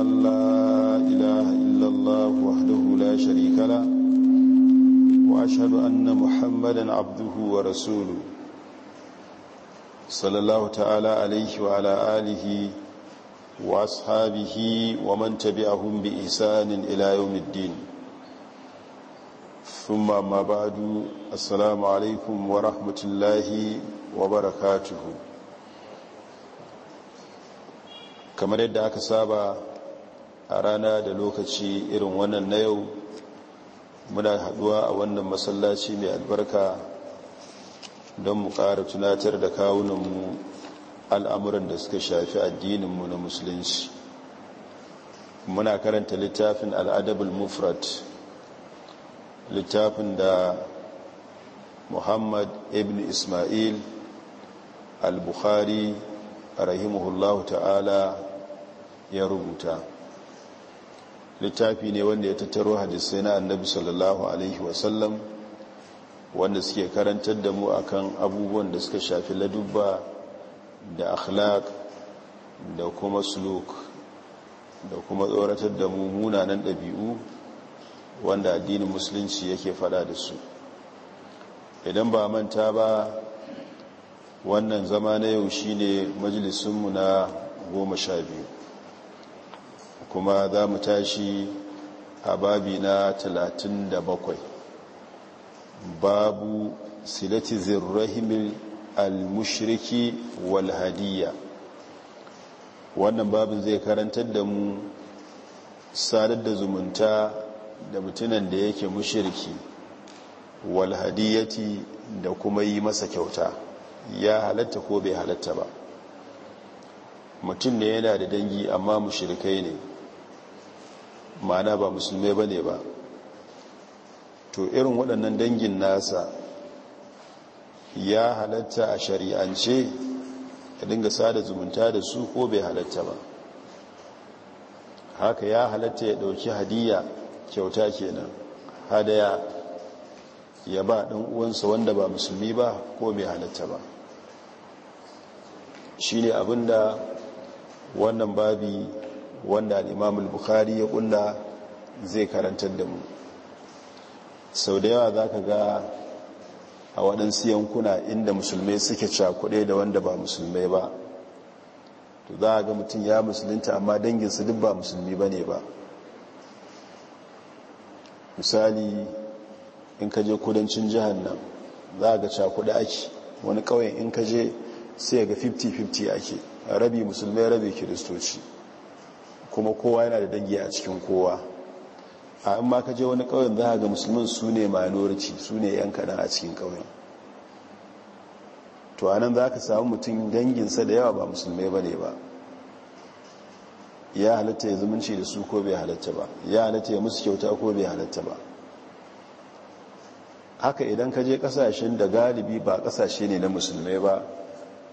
أن لا إله إلا الله وحده لا شريك له وأشهد أن محمدا عبده ورسوله صلى الله تعالى عليه وعلى آله وأصحابه ومن تبعهم بإحسان إلى يوم الدين ثم ما بعد السلام عليكم ورحمة الله وبركاته kamar yadda aka saba a rana da lokaci irin wannan na yau muna haduwa a wannan masallaci mai albarka don mu ƙara tunatar da kawunanmu al'amuran da suka shafi addininmu na musulunci muna karanta littafin al'adabul mufrat littafin da muhammad ibn ismail al-bukhari rahimahullahu ta'ala ya rubuta littafi ne wanda ya tattaro hadisai na annabi sallallahu alaihi wasallam wanda suke karantar da mu akan abubuwan da suka shafi ladubba da akhlaq da kuma suluk da kuma tsoratar da mu munanan ɗabi'u wanda addinin musulunci yake fada da su idan ba manta ba wannan zama na yau shine majalisunmu na goma sha biyu kuma za mu tashi a babi na 37 babu silati zirrahimin al-mushriki wal-hadiyya wannan babin zai karantar da mu sadar da zumunta da mutunan da yake wal hadiyyati da kuma yi masa kyauta ya halatta ko bai halatta ba mutum ne yana da dangi amma mushirikai ne ma'ana ba musulmi ba ba to irin waɗannan dangin nasa ya halatta a shari'ance ya dinga sada zumunta da su ko bai halatta ba haka ya halatta ya ɗauki hadiya kyauta kenan hadaya ya ba ɗan uwansa wanda ba musulmi ba ko bai halatta ba shi ne abinda wannan babi wanda al'imam al-bukhari ya kulla zai karantar da mu sau da yawa za ka ga a waɗansu yankuna inda musulmai suke cakuɗe da wanda ba musulmai ba to za a ga mutum ya musulunta amma danginsu duk ba musulmi ba ne ba misali in ka je kudancin jihar nan za a ga cakuɗe ake wani ƙauyen in ka je sai ga 50-50 ake rabi musulmai rabi kiristoci kuma kowa yana da dangi a cikin kowa a in ma ka je wani ƙauyen za ga musulmin su ne minority su ne yan kaɗan a cikin ƙauyen to anan za ka samu mutum danginsa da yawa ba musulmai ba ne ba ya halatta ya zumunci da su ko bai halatta ba ya halatta ya musu kyauta ko bai halatta ba haka idan ka je kasashen da galibi ba kasashe ne na musulmai ba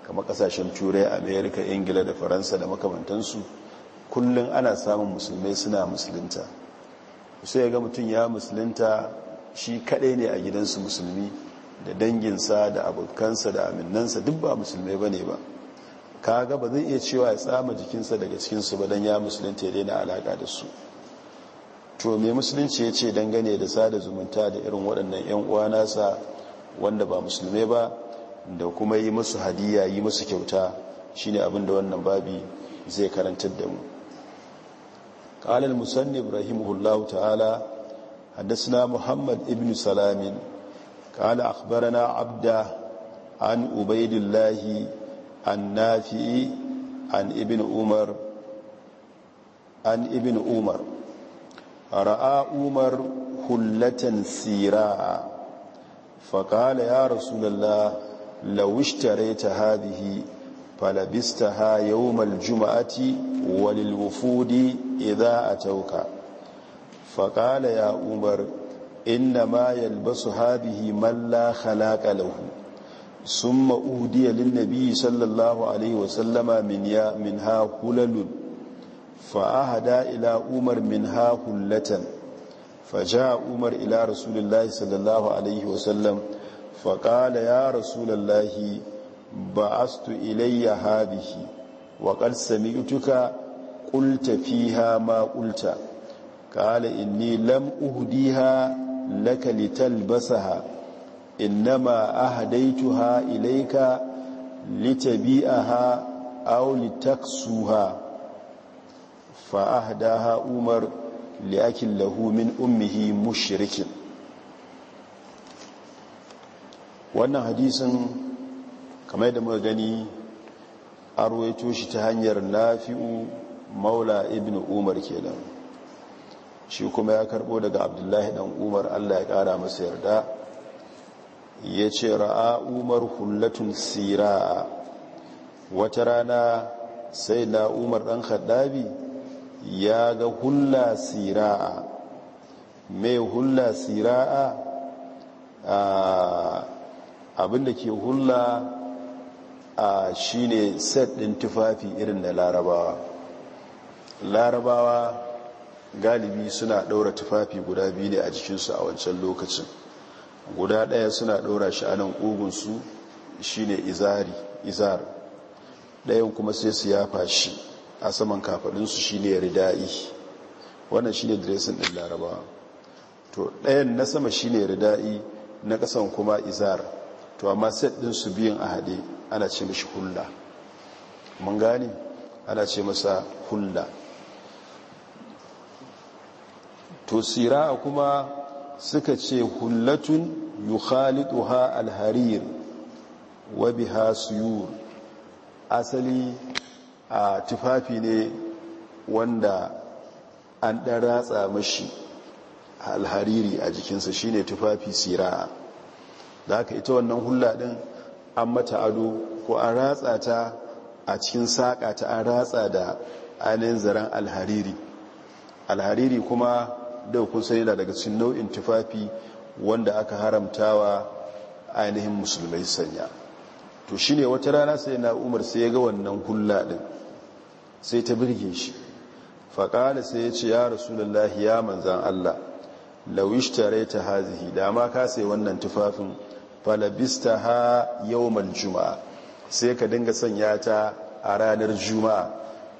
kama kasashen turai amerika ingila da faransa da makamantansu kullum ana samun musulmai suna musulunta sai ga mutum ya musulunta shi kaɗai ne a gidansu musulmi da danginsa da abokansa da aminansa duk ba musulmai ba ne ba kaga ba zai iya cewa ya tsama jikinsa daga cikinsu ba don ya musulunta ya daina alaƙa da su to mai musulunci ya ce dangane da sada zumunta da irin waɗannan 'yan uwa nasa wanda ba musulmai ba da kuma yi musu hadiya yi musu kyauta shine abin da wannan babi zai karantar da mu قال المسنب رحمه الله تعالى حدثنا محمد ابن سلام قال أخبرنا عبد عن أبيد الله عن نافئ عن ابن عمر عن ابن عمر رأى عمر هلة سيراء فقال يا رسول الله لو اشتريت هذه falabistaha yawmal juma'ati walil wufudi idza atawka faqala ya umar innama yalbasu hadhihi man la khalaqa lahu thumma udiya lin nabiy sallallahu alayhi wa sallama min ha hulalun fa ahada ila umar min ha hulatan faja'a umar ila rasulillahi sallallahu alayhi wa sallam faqala ya rasulallahi Ba ba'astu ilayya hadihi wa qad sami'tuka qulta fiha ma qulta qala inni lam uhdiha laka litalbasaha innama ahdaytuha ilayka litabi'aha aw litaksuha fa ahdaha umar liakin lahu min ummihi mushrikin wannan hadisin kamar yadda muka gani a ruwaito shi ta hanyar nafi'u maula ibn umar ke nan shi kuma ya karbo daga abdullahi dan umar allah ya kara masa yarda ya ce ra'a umar hullatun sira wata rana sai na umar dan khaddabi ya ga hulla sira'a mai hulla sira'a ah, abinda ke hulla a shine set din tufafi irin da larabawa larabawa galibi suna ɗaura tufafi guda biyu ne a jikinsu a wancan lokacin guda ɗaya suna ɗaura shi a nan ƙugunsu shine izari izar ɗayan kuma sai su yafa shi a saman kafaɗinsu shine rida'i wannan shine diresin ɗin larabawa to ɗayan na sama shine rida'i na ƙasan kuma izar to amma set din su biyun a hade ana ce mishi hulla mun gane ana ce masa hulla to sira'a kuma suka ce hullatun yukhalituha alharir wa biha suyur asali a tufafi ne wanda an ɗan ratsa mashi alhariri a jikinsa shine tufafi sira'a da haka ita wannan hulla din an mata ado ko an ratsa ta a cikin saƙa ta an ratsa da ainihin zaren alhariri alhariri kuma da kun sani daga cikin nau'in tufafi wanda aka haramtawa ainihin musulmai sanya to shi ne wata rana sai na umar sai ya ga wannan hulla din sai ta birge shi faƙali sai ya ce ya rasulullahi ya manzan allah lawish tare ta hazihi dama ka sai wannan tufafin falabista ha yau man juma'a sai ka dinga sanya ta a ranar juma'a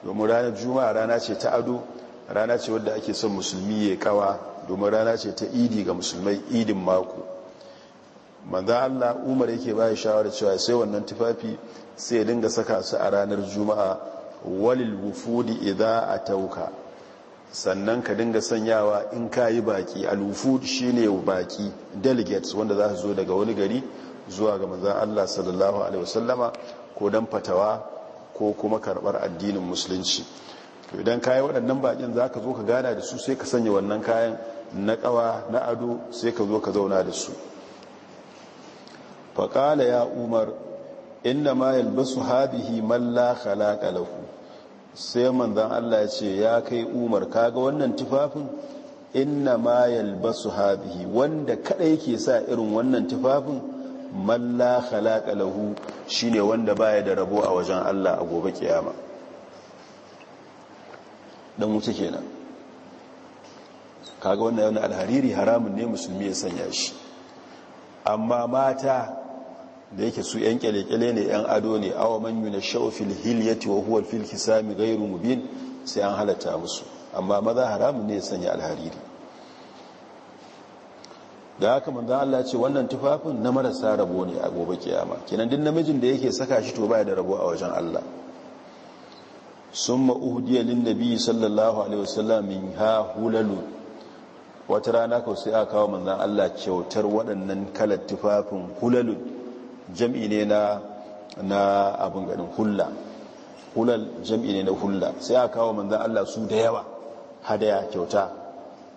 domin ranar juma'a rana ce ta ado rana ce wadda ake son musulmi ya kawa domin rana ce ta idi ga musulmai idin mako manzan allah umar yake bayan shawarar cewa sai wannan tufafi sai ya dinga saka su a ranar juma'a walil wufudi a tauka. sannan ka dinga sanyawa in ka yi baki alufu shi ne baki delegates wanda za su zo daga wani gari zuwa ga manzan Allah sallallahu Alaihi wasallama ko don fatawa ko kuma karɓar addinin musulunci to idan kayi waɗannan bakin za ka zo ka gana da su sai ka sanya wannan kayan na ƙawa na ado sai ka zo ka zauna da su faƙala ya umar inna ma yalbasu haɗihi man la sai manzan Allah ya ce ya kai umar kaga wannan tufafin inna ma yalbasu habihi wanda kada yake sa irin wannan tufafin Malla la khalaqa lahu shine wanda baya da rabo a wajen Allah a gobe kiyama dan wuce kenan kaga wannan yana alhariri haramun ne musulmi ya sanya shi amma mata da yake su yan kyale-kyale ne yan ado ne awa manyuna yuna ya hilyati wa huwa fil sami ghairu mubin sai an halatta musu amma maza haramun ne ya sanya alhariri da haka manzan Allah ce wannan tufafin na marasa rabo ne a gobe kiyama kenan din namijin da yake saka shi to baya da rabo a wajen Allah sun uhdiya da biyu sallallahu alaihi wasallam min ha hulalu wata rana ko sai aka kawo manzan Allah kyautar waɗannan kalar tufafin hulalu jam'i ne na abin ganin hula, hulal jam'i ne na hulla sai a kawo manzan Allah su da yawa hadaya kyauta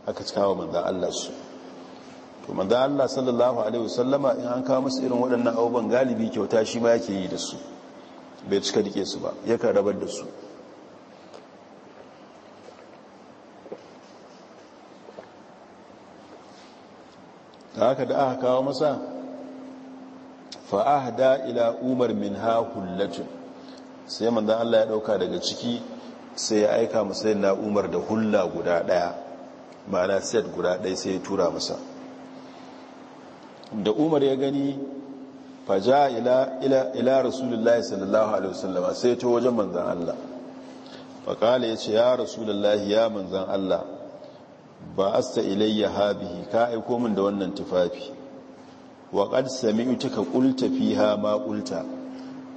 aka kawo manzan Allah su to manzan Allah sallallahu alaihi wasallama in an kawo masu irin waɗannan abubuwan galibi kyauta shi ma yake yi da su bai cika rike su ba yakan rabar da su ta haka da aka kawo masa fa'ahda ila umar min ha hullatun sai manzan Allah ya ɗauka daga ciki sai ya aika musai na umar da hulla guda ɗaya ma'ana set guda ɗaya sai ya tura masa da umar ya gani faja ila rasulullahi sallallahu alaihi wasallama sai ta wajen manzan Allah faƙala ya ce ya rasulullahi ya manzan Allah ba asta ilayya habihi ka aiko min da wannan tufafi wa qad sami'tuka qulta fiha ma qulta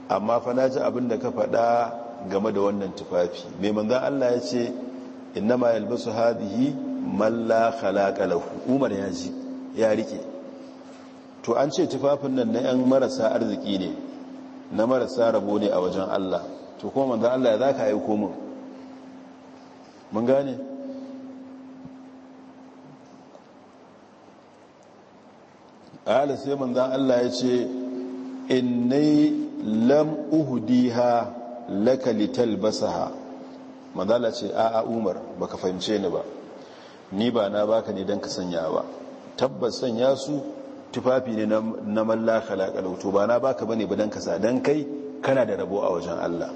amma fa naji da ka faɗa game da wannan tufafi mai manzon Allah ya ce innama yalbasu hadhihi man la khalaqa lahu umar ya ji ya rike to an ce tufafin nan na yan marasa arziki ne na marasa rabo ne a wajen Allah to kuma manzon Allah ya zaka aiko mun mun gane ala sai manzan Allah ya ce innai lam uhudiha laka ha manzala ce a'a umar baka fahimce ni ba ni ba na baka ne don ka sanya ba tabbas sanya su tufafi ne na mallaka laƙalauto ba na baka bane ba don kasa don kai kana da rabo a wajen Allah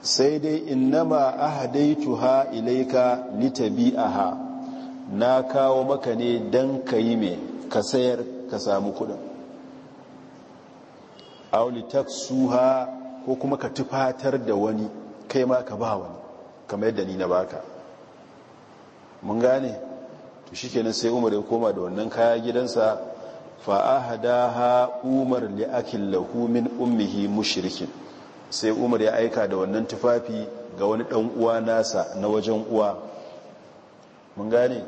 sai dai ahadaitu ha ilaika litabi'aha na kawo maka ne don ka yi mai ka sayar ka samu kudin aulitak suha ko kuma ka tufatar da wani kai ma ka ba wani kamar yadda ni na baka mun gane to shi kenan sai umar ya koma da wannan kaya gidansa fa'ahadaha umar li'akin lahu min ummihi mushrikin sai umar ya aika da wannan tufafi ga wani dan uwa nasa na wajen uwa mun gane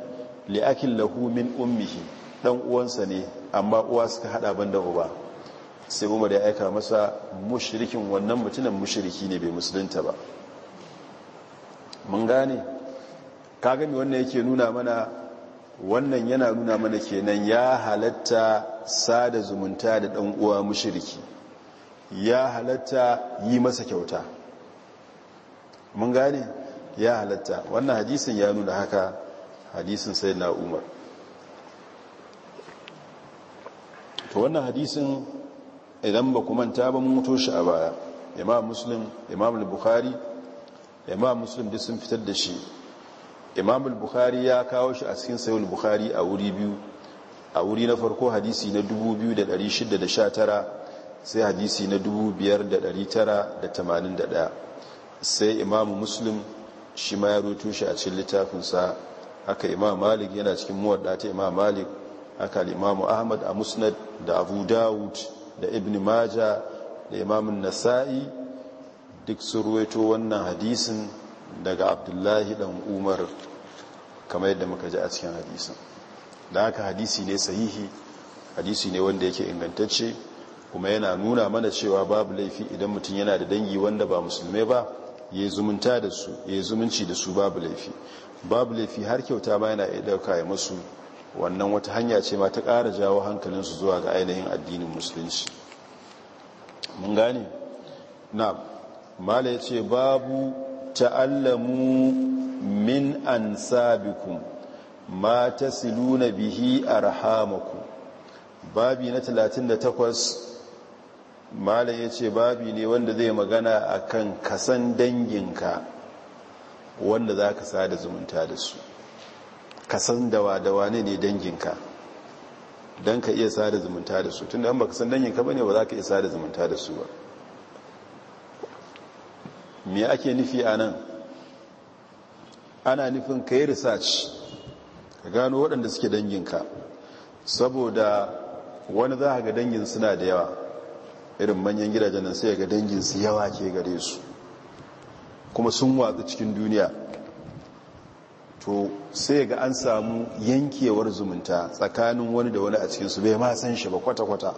li'akin lahu min ummihi ɗan uwansa ne amma uwa suka haɗa ban da uba sai umar ya aika masa mushirikin wannan mutunan mushiriki ne bai musulunta ba mun gane ka gani wannan yake nuna mana wannan yana nuna mana kenan ya halatta sada zumunta da ɗan uwa mushiriki ya halatta yi masa kyauta mun gane ya halatta wannan hadisin ya nuna haka hadisin na umar to wannan hadisin idan ba kuma ta ba mun mutu shi a baya imam muslim imam al-bukhari imam muslim da sun fitar da shi imam al-bukhari ya kawo shi a cikin sayyid al-bukhari a wuri biyu a wuri na farko hadisi na 2619 sai hadisi na 5981 sai imam muslim shi ma ya rutu shi a cikin littafinsa haka imam malik yana cikin muwadda ta imam malik haka limamu ahmad a musnad da abu dawud da ibn maja da imamun nasa'i duk su ruwaito wannan hadisin daga abdullahi dan umar kamar yadda muka ji a cikin hadisin da haka hadisi ne sahihi hadisi ne wanda yake ingantacce kuma yana nuna mana cewa babu laifi idan mutum yana da dangi wanda ba musulmai ba ya zumunta da su ya zumunci da su babu laifi babu laifi har kyauta ba yana iya dauka ya masu wannan wata hanya ce ma ta ƙara jawo hankalinsu zuwa ga ainihin addinin musulunci mun gane na mala ya ce babu ta'allamu min an sabikum ma ta siluna bihi arhamakum babi na 38 mala ya ce babi ne wanda zai magana akan kasan danginka wanda za ka sa da zumunta da su ka san dawa dawa ne ne danginka don ka iya sada zumunta da su tun da an baka san danginka ba ne ba za ka iya sada zumunta da su ba me ake nufi a nan ana nufin ka yi research ka gano waɗanda suke danginka saboda wani za a ga dangin suna da yawa irin manyan gidajen nan sai ga dangin su yawa ke gare su kuma sun watsa cikin duniya to sai ga an samu yankewar zumunta tsakanin wani da wani a cikinsu bai ma san shi ba kwata-kwata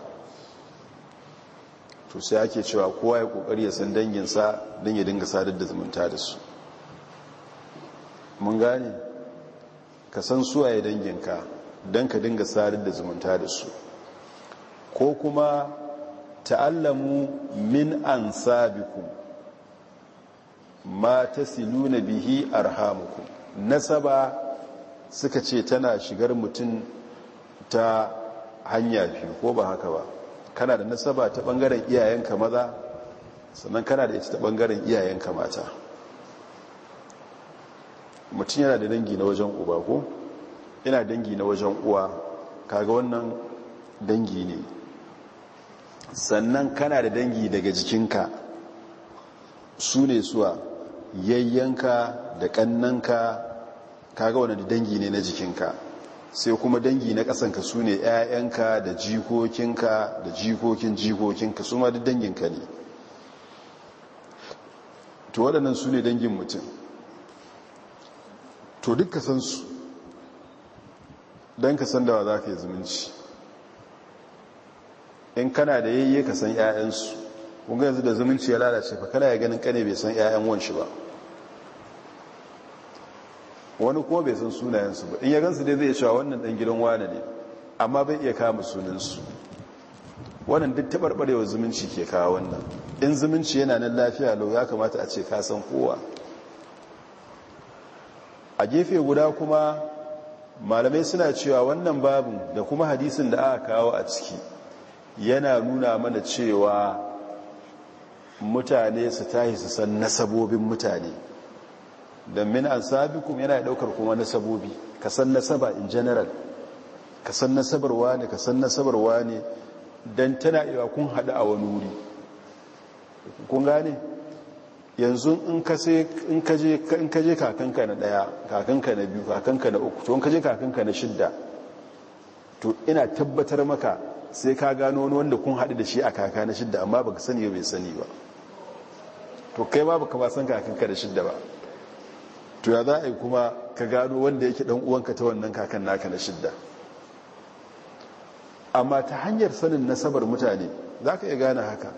to sai ake cewa kowa ya kokari ya san danginsa don ya dinga sadar da zumunta da su mun gane ka san suwaye danginka don ka dinga sadar da zumunta da su ko kuma ta'allamu min an sabiku ma ta siluna bihi arhamukum nasaba suka ce tana shigar mutum ta hanya biyu ko ba haka ba kana da nasaba ta bangaren iyayenka maza sannan kana da ita ta bangaren iyayenka mata mutum yana da dangi na wajen uba ko yana dangi na wajen uwa kaga wannan dangi ne sannan kana da dangi daga jikinka su ne suwa yayyanka da kannanka kaga wani dangi ne na jikinka sai kuma dangi na kasanka su ne 'ya'yanka da jikokinka da jikokin jikokinka su ma duk danginka ne to waɗannan su ne dangin mutum to duk ka san su don ka san wa za ka yi zumunci in kana da yayye ka san 'ya'yansu kun yanzu da zumunci ya lalace fa kana ya ganin kane bai san 'ya'yan wanshi ba wani kuma bai san sunayensu ba in ya gansu dai zai cewa wannan dan gidan wane ne amma bai iya kama sunansu wannan duk taɓarɓarewa zumunci ke kawo wannan in zumunci yana nan lafiya lau ya kamata a ce ka san kowa a gefe guda kuma malamai suna cewa wannan babin da kuma hadisin da aka kawo a ciki yana nuna mana cewa mutane su tahi su san nasabobin mutane da min kuma yana daukar kuma nasabobi ka san nasaba in general ka san nasabarwa ne ka san nasabarwa ne don tana iya kun hada a wani wuri kun gane yanzu in ka je ka kakanka na daya kakanka na biyu kakanka na uku to in ka je kakanka na shidda to ina tabbatar maka sai ka gano wani wanda kun hadu da shi a kaka na shidda amma baka sani sani ba to kai ba ka ba san kakanka da shidda ba to ya za a yi kuma ka gano wanda yake dan uwanka ta wannan kakan naka na shidda amma ta hanyar sanin nasabar mutane za ka iya gane haka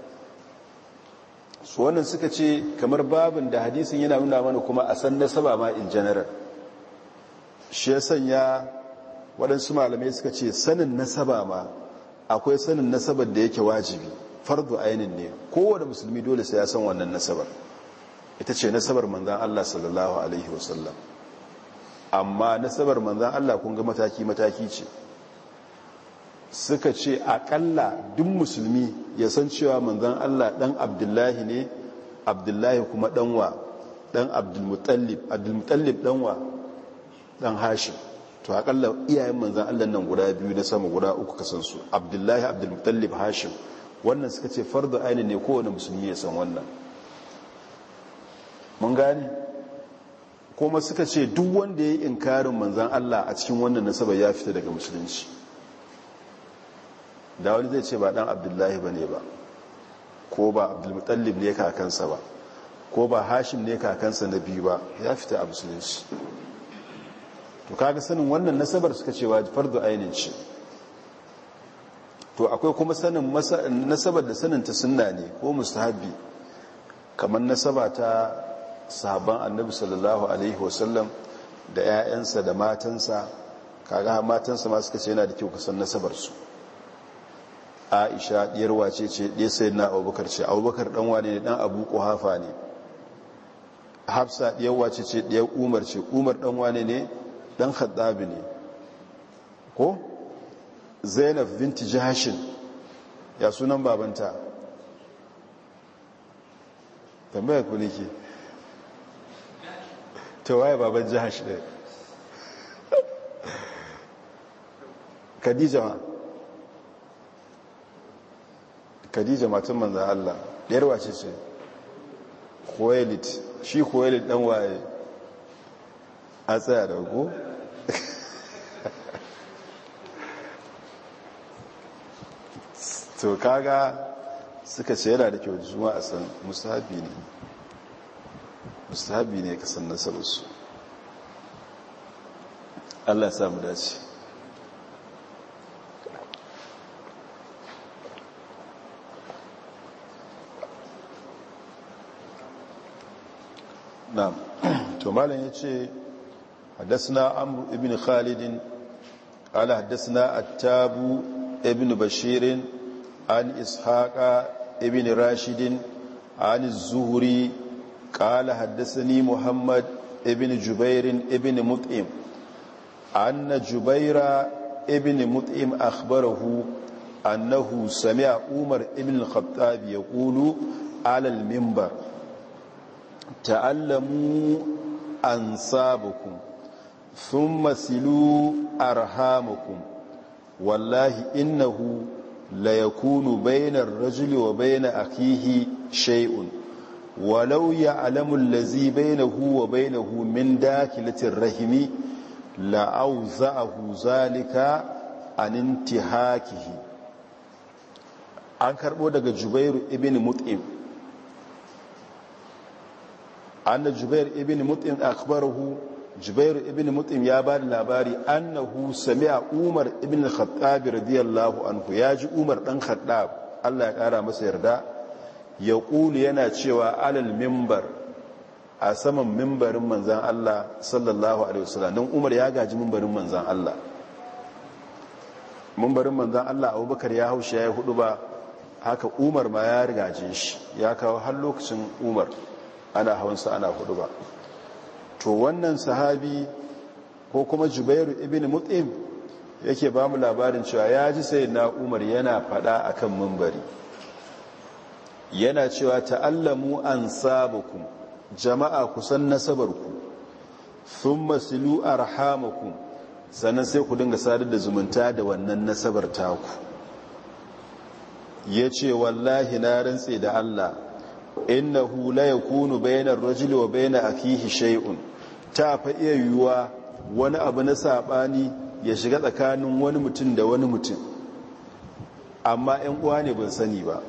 su wannan suka ce kamar babin da hadisin yana nuna mana kuma a san nasaba ma in general shi ya sanya waɗansu malamai suka ce sanin nasaba ma akwai sanin nasabar da yake wajibi fardu ainihin ne kowane musulmi dole sai ya san wannan nasabar ita ce nasabar manzan Allah sallallahu alaihi wasallam amma nasabar manzan Allah kun ga mataki-mataki ce suka ce akalla duk musulmi ya san cewa manzan Allah dan abdullahi ne abdullahi kuma danwa dan abdulmutallib abdulmutallib danwa dan hashim to akalla iyayen manzan Allah nan guda biyu na sama guda uku kasansu abdullahi abdulmutallib hashim wannan suka ce fardu aini ne kowane musulmi ya san wannan mun gane kuma suka ce duk wanda ya yi inkarin manzan Allah a cikin wannan nasaba ya fita daga musulunci da wani zai ce ba dan abdullahi ba ne ba ko ba abdulmutallib ne kakansa ba ko ba hashim ne kakansa na biyu ba ya fita a musulunci to kaga sanin wannan nasabar suka ce wajifar da ainihin ce to akwai kuma sanin nasabar da saninta sunna ne ko mustahabi kamar nasaba ta sahabban annabi sallallahu alaihi wasallam da 'ya'yansa da matansa kaga matansa ma suka ce yana da kyau kasan nasabarsu aisha diyar wace ce ɗaya sai na abubakar ce abubakar ɗan wane ne ɗan abu ƙuhafa ne hafsa diyar wace ce ɗiyar umar ce umar ɗan wane ne ɗan haɗabi ne ko zainab binti hashin, ya sunan babanta tambayar ku ne ke ta waye baban jihar shi ɗaya ma kadijama tun manzan allah ɗayar wace ce kuwailit shi kuwailit ɗan waye a tsaya da ko to kaga suka ce yana da kyau juma a san musafi ne mustahabi ne ka san nasararsu allah samu dace na'am tomalin ya ce na amru ibin khalidin ala haddasa na attabu ibin bashirin an ishaƙa ibin rashidin an zuhuri قال حدثني محمد ابن جبير ابن مطعم أن جبير ابن مطعم أخبره أنه سمع عمر ابن الخطاب يقول على المنبر تعلموا أنصابكم ثم سلوا أرحامكم والله إنه ليكون بين الرجل وبين أخيه شيء walau na huwa bai wa bainahu min dakilatin rahimi la'au hu zalika an hakihi an karbo daga jubairu ibn mut'im anna jubairu ibn mut'im hu jubairu ibn mut'im ya ba da labari hu sami a umar ibn khattabi radiyallahu anhu ji umar dan khattab Allah ya kara masa yarda ya ƙulu yana cewa alal mimbar a saman mimbarin manzan Allah sallallahu Alaihi wasallam don umar ya gaji mimbarin manzan Allah mimbarin manzan Allah abubakar ya haushi ya yi hudu ba haka umar ma ya rigaje shi ya kawo har lokacin umar ana hawansa ana hudu ba to wannan sahabi ko kuma jubairu ibn mut'im yake ba mu labarin cewa ya ji sai na umar yana fada akan mimbari yana cewa ta'allamu an sabakum jama'a kusan nasabarku sun masilu rahamaku sannan sai ku dinga sadar da zumunta da wannan nasabar taku ya ce wallahi na rantse da Allah hula ya kunu bainar rajuli wa bayanar akihi shai'un ta fa iya yiwuwa wani abu na saɓani ya shiga tsakanin wani mutum da wani mutum amma 'yan uwa ne ban sani ba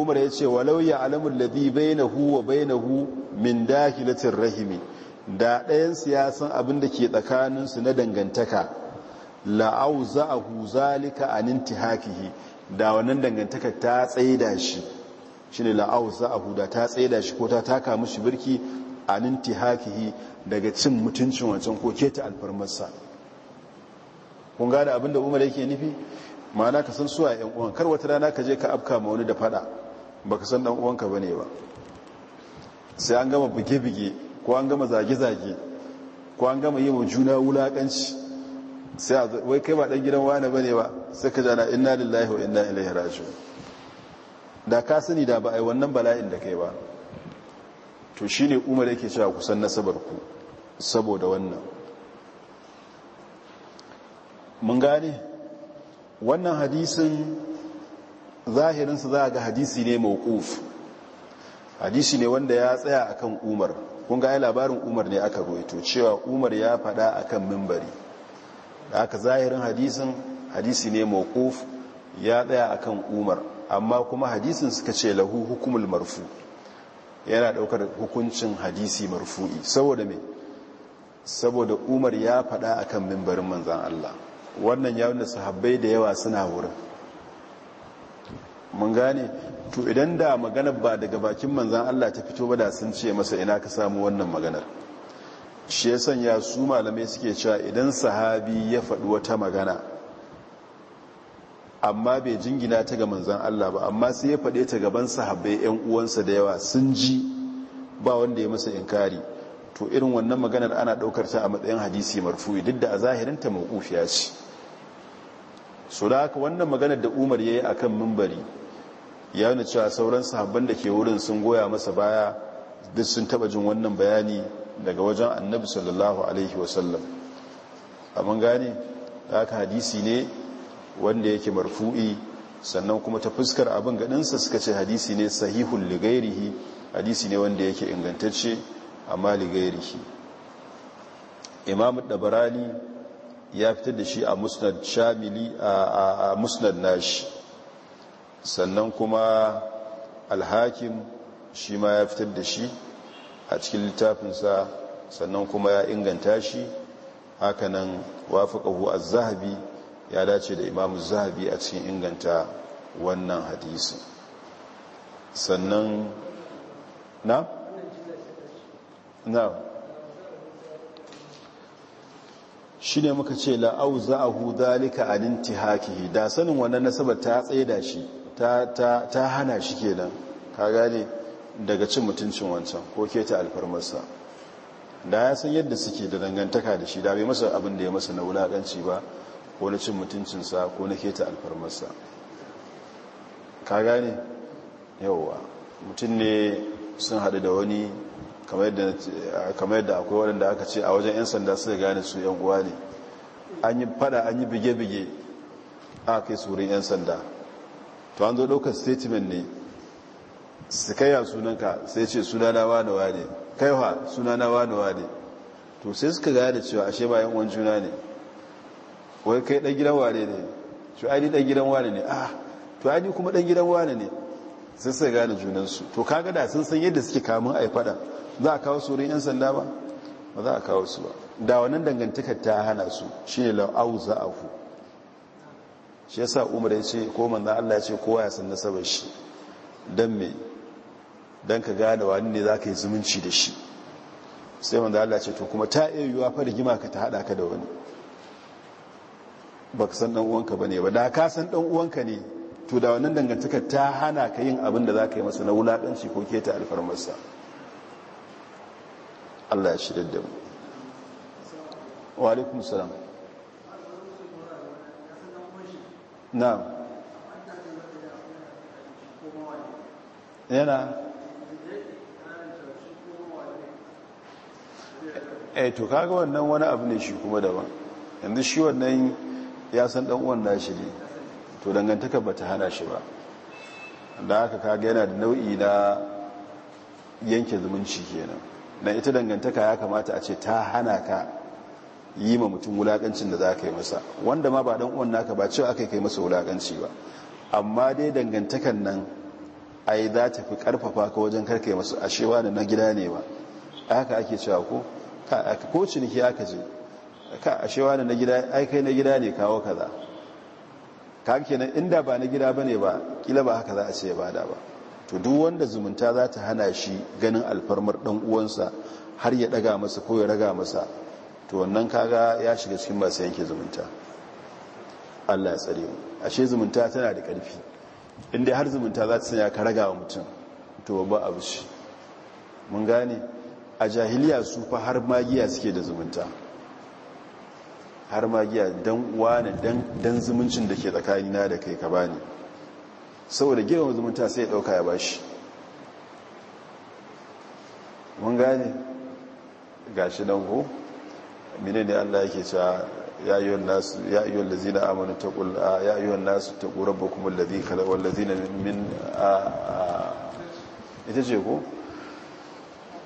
umar ya ce walau ya alamun bai na hu wa bai na bainahu min dakilatin rahimi da ɗayan siyasan abin da ke tsakaninsu na dangantaka la'au za a hu zalika ninti hakihi da wannan dangantaka ta tsaida shi shi ne la'au za hu da ta tsaida shi ko ta taka mashi birki a ninti hakihi daga cin mutuncin wancan ko keta alfarmarsa kun gane abin da umar yake nufi ma'ana ka san suwa yan uwan kar wata rana ka je ka afka ma wani da fada baka san dan uwanka bane ba sai an gama buge-buge ko an gama zage-zage ko an gama yi wa juna wulakanci sai a wai kai ba dan gidan wani bane ba sai ka jana inna lillahi wa inna ilaihi raji'un da ka sani da ba yi wannan bala'in da kai ba to shine umar yake cewa kusan nasabar ku saboda wannan mun gane wannan hadisin zahirinsu za a ga hadisi ne mawquf hadisi ne wanda ya tsaya akan umar kun ga labarin umar ne aka to cewa umar ya faɗa akan mimbari da aka zahirin hadisin hadisi ne mawquf ya tsaya akan umar amma kuma hadisin suka ce lahu hukumul marfu yana daukar hukuncin hadisi marfu'i saboda me saboda umar ya faɗa akan mimbarin manzan Allah wannan ya wanda sahabbai da yawa suna wurin mun gane to idan da magana ba daga bakin manzan Allah ta fito ba da sun ce masa ina ka samu wannan maganar shi ya sanya su malamai suke cewa idan sahabi ya faɗi wata magana amma bai jingina ta ga manzan Allah ba amma sai ya faɗe ta gaban sahabbai 'yan uwansa da yawa sun ji ba wanda ya masa inkari to irin wannan maganar ana ɗaukar ta a matsayin hadisi marfuyi duk da a zahirinta mawqufiya ce su da haka wannan maganar da Umar ya yi a kan mimbari ya yi cewa sauran sahabban da ke wurin sun goya masa baya duk sun taba jin wannan bayani daga wajen annabi sallallahu alaihi wasallam abin gane da hadisi ne wanda yake marfu'i sannan kuma ta fuskar abin gaɗinsa suka ce hadisi ne sahihun ligairihi hadisi ne wanda yake ingantacce amma ligairihi imamu dabarani ya fitar da shi a musnad shamili a musnad nashi sannan kuma alhakim shi ma ya fitar da shi a cikin littafinsa sannan kuma ya inganta shi hakanan wafiƙahu a zahabi ya dace da imamu zahabi a cikin inganta wannan hadisi sannan na? na shi ne muka ce la'au za'ahu dalika a ninti da sanin wannan nasabar ta tsaye da shi ta hana shi ke nan ka gane daga cin mutuncin wancan ko ke ta alfarmarsa da ya san yadda suke da dangantaka da shi da bai masa abin da ya masa na wulaƙanci ba ko na cin mutuncinsa ko na ke ta alfarmarsa ka gane yauwa mutum ne sun haɗu da wani kamar yadda akwai waɗanda aka ce a wajen 'yan sanda su suka gane su 'yan uwa ne an yi fada an yi bige-bige a kai surin 'yan sanda to an zo ɗaukar statement ne su kai kaiya sunanka sai ce sunana wane kai wa sunana wane ne to sai suka gane cewa ashe ba wani uwan juna ne wai kai ɗan gidan wane ne to ai ni ɗan gidan wane ne ah to ai ni kuma ɗan gidan wane ne sai suka gane junansu to kaga da sun san yadda suke kamun yi fada za a kawo su wurin yan sanda ba ba za a kawo su ba da wannan dangantakar ta hana su shine la'auza ku. shi yasa umar ya ce ko manzan Allah ya ce kowa ya san nasabar shi don me don ka gane wani ne za ka yi zumunci da shi sai manzan Allah ce to kuma ta iya yiwuwa fa rigima ka ta haɗa ka da wani ba ka san ɗan uwanka ba ne ba da ka san ɗan uwanka ne to da wannan dangantakar ta hana ka yin abin da za ka yi masa na wulaƙanci ko keta alfarmarsa Allah ya shirin da mu wa alaikum salam na'am yana eh, to kaga wannan wani abu ne shi kuma daban yanzu shi wannan ya san dan uwan nashi ne to dangantaka bata hana shi ba da haka kaga yana da nau'i na yanke zumunci kenan na ita dangantaka ya kamata a ce ta hana ka yi ma mutum wulakancin da za ka yi masa wanda ma ba dan uwan naka ba cewa aka kai masa wulakanci ba amma dai dangantakan nan ai za ta fi karfafa ka wajen karkai masa ashewa da na gida ne ba aka ake cewa ko ko ciniki aka je ka ashewa da na gida ai kai na gida ne kawo kaza ka nan inda ba na gida bane ba kila ba haka za a ce ba da ba to duk wanda zumunta za ta hana shi ganin alfarmar dan uwansa har ya ɗaga masa ko ya raga masa to wannan kaga ya shiga cikin masu yanke zumunta Allah ya tsare mu ashe zumunta tana da ƙarfi inda har zumunta za ta sanya ka raga wa mutum to babba abu shi mun gane a jahiliya su fa har magiya suke da zumunta har magiya dan wane dan zumuncin da ke tsakanina da kai ka bani saboda girma zumunta sai ya dauka ya bashi mun gane gashi don ho. mine ne allah yake cewa ya ayyuhan nasu ya ayyuhan lazina amanu taqul ya ayyuhan nasu taqu rabbakum alladhi khalaqal wallazina min ita ce ko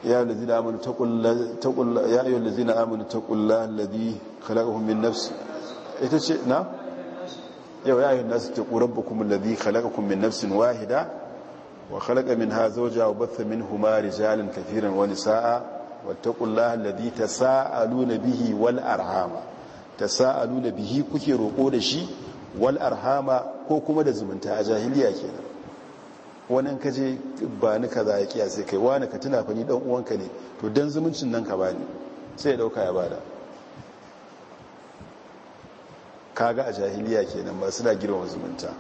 ya lazina amanu taqul ya ayyuhan lazina amanu taqullaha alladhi min nafs ita ce na yau ya ayyuhan nasu taqu rabbakum alladhi khalaqakum min nafsin wahida wa min minha zawjaha wa min minhuma rijalan katiran wani sa'a. wattaqullaha allazi tasaaluna bihi wal arhama tasaaluna bihi kuke roƙo da shi wal arhama ko kuma da zumunta a jahiliya kenan wannan kaje ba ni kaza ya kiya sai kai wani ka tuna fa ni dan uwanka ne to dan zumuncin nan ka bani sai ya dauka ya bada kaga a jahiliya kenan ba suna girma zumunta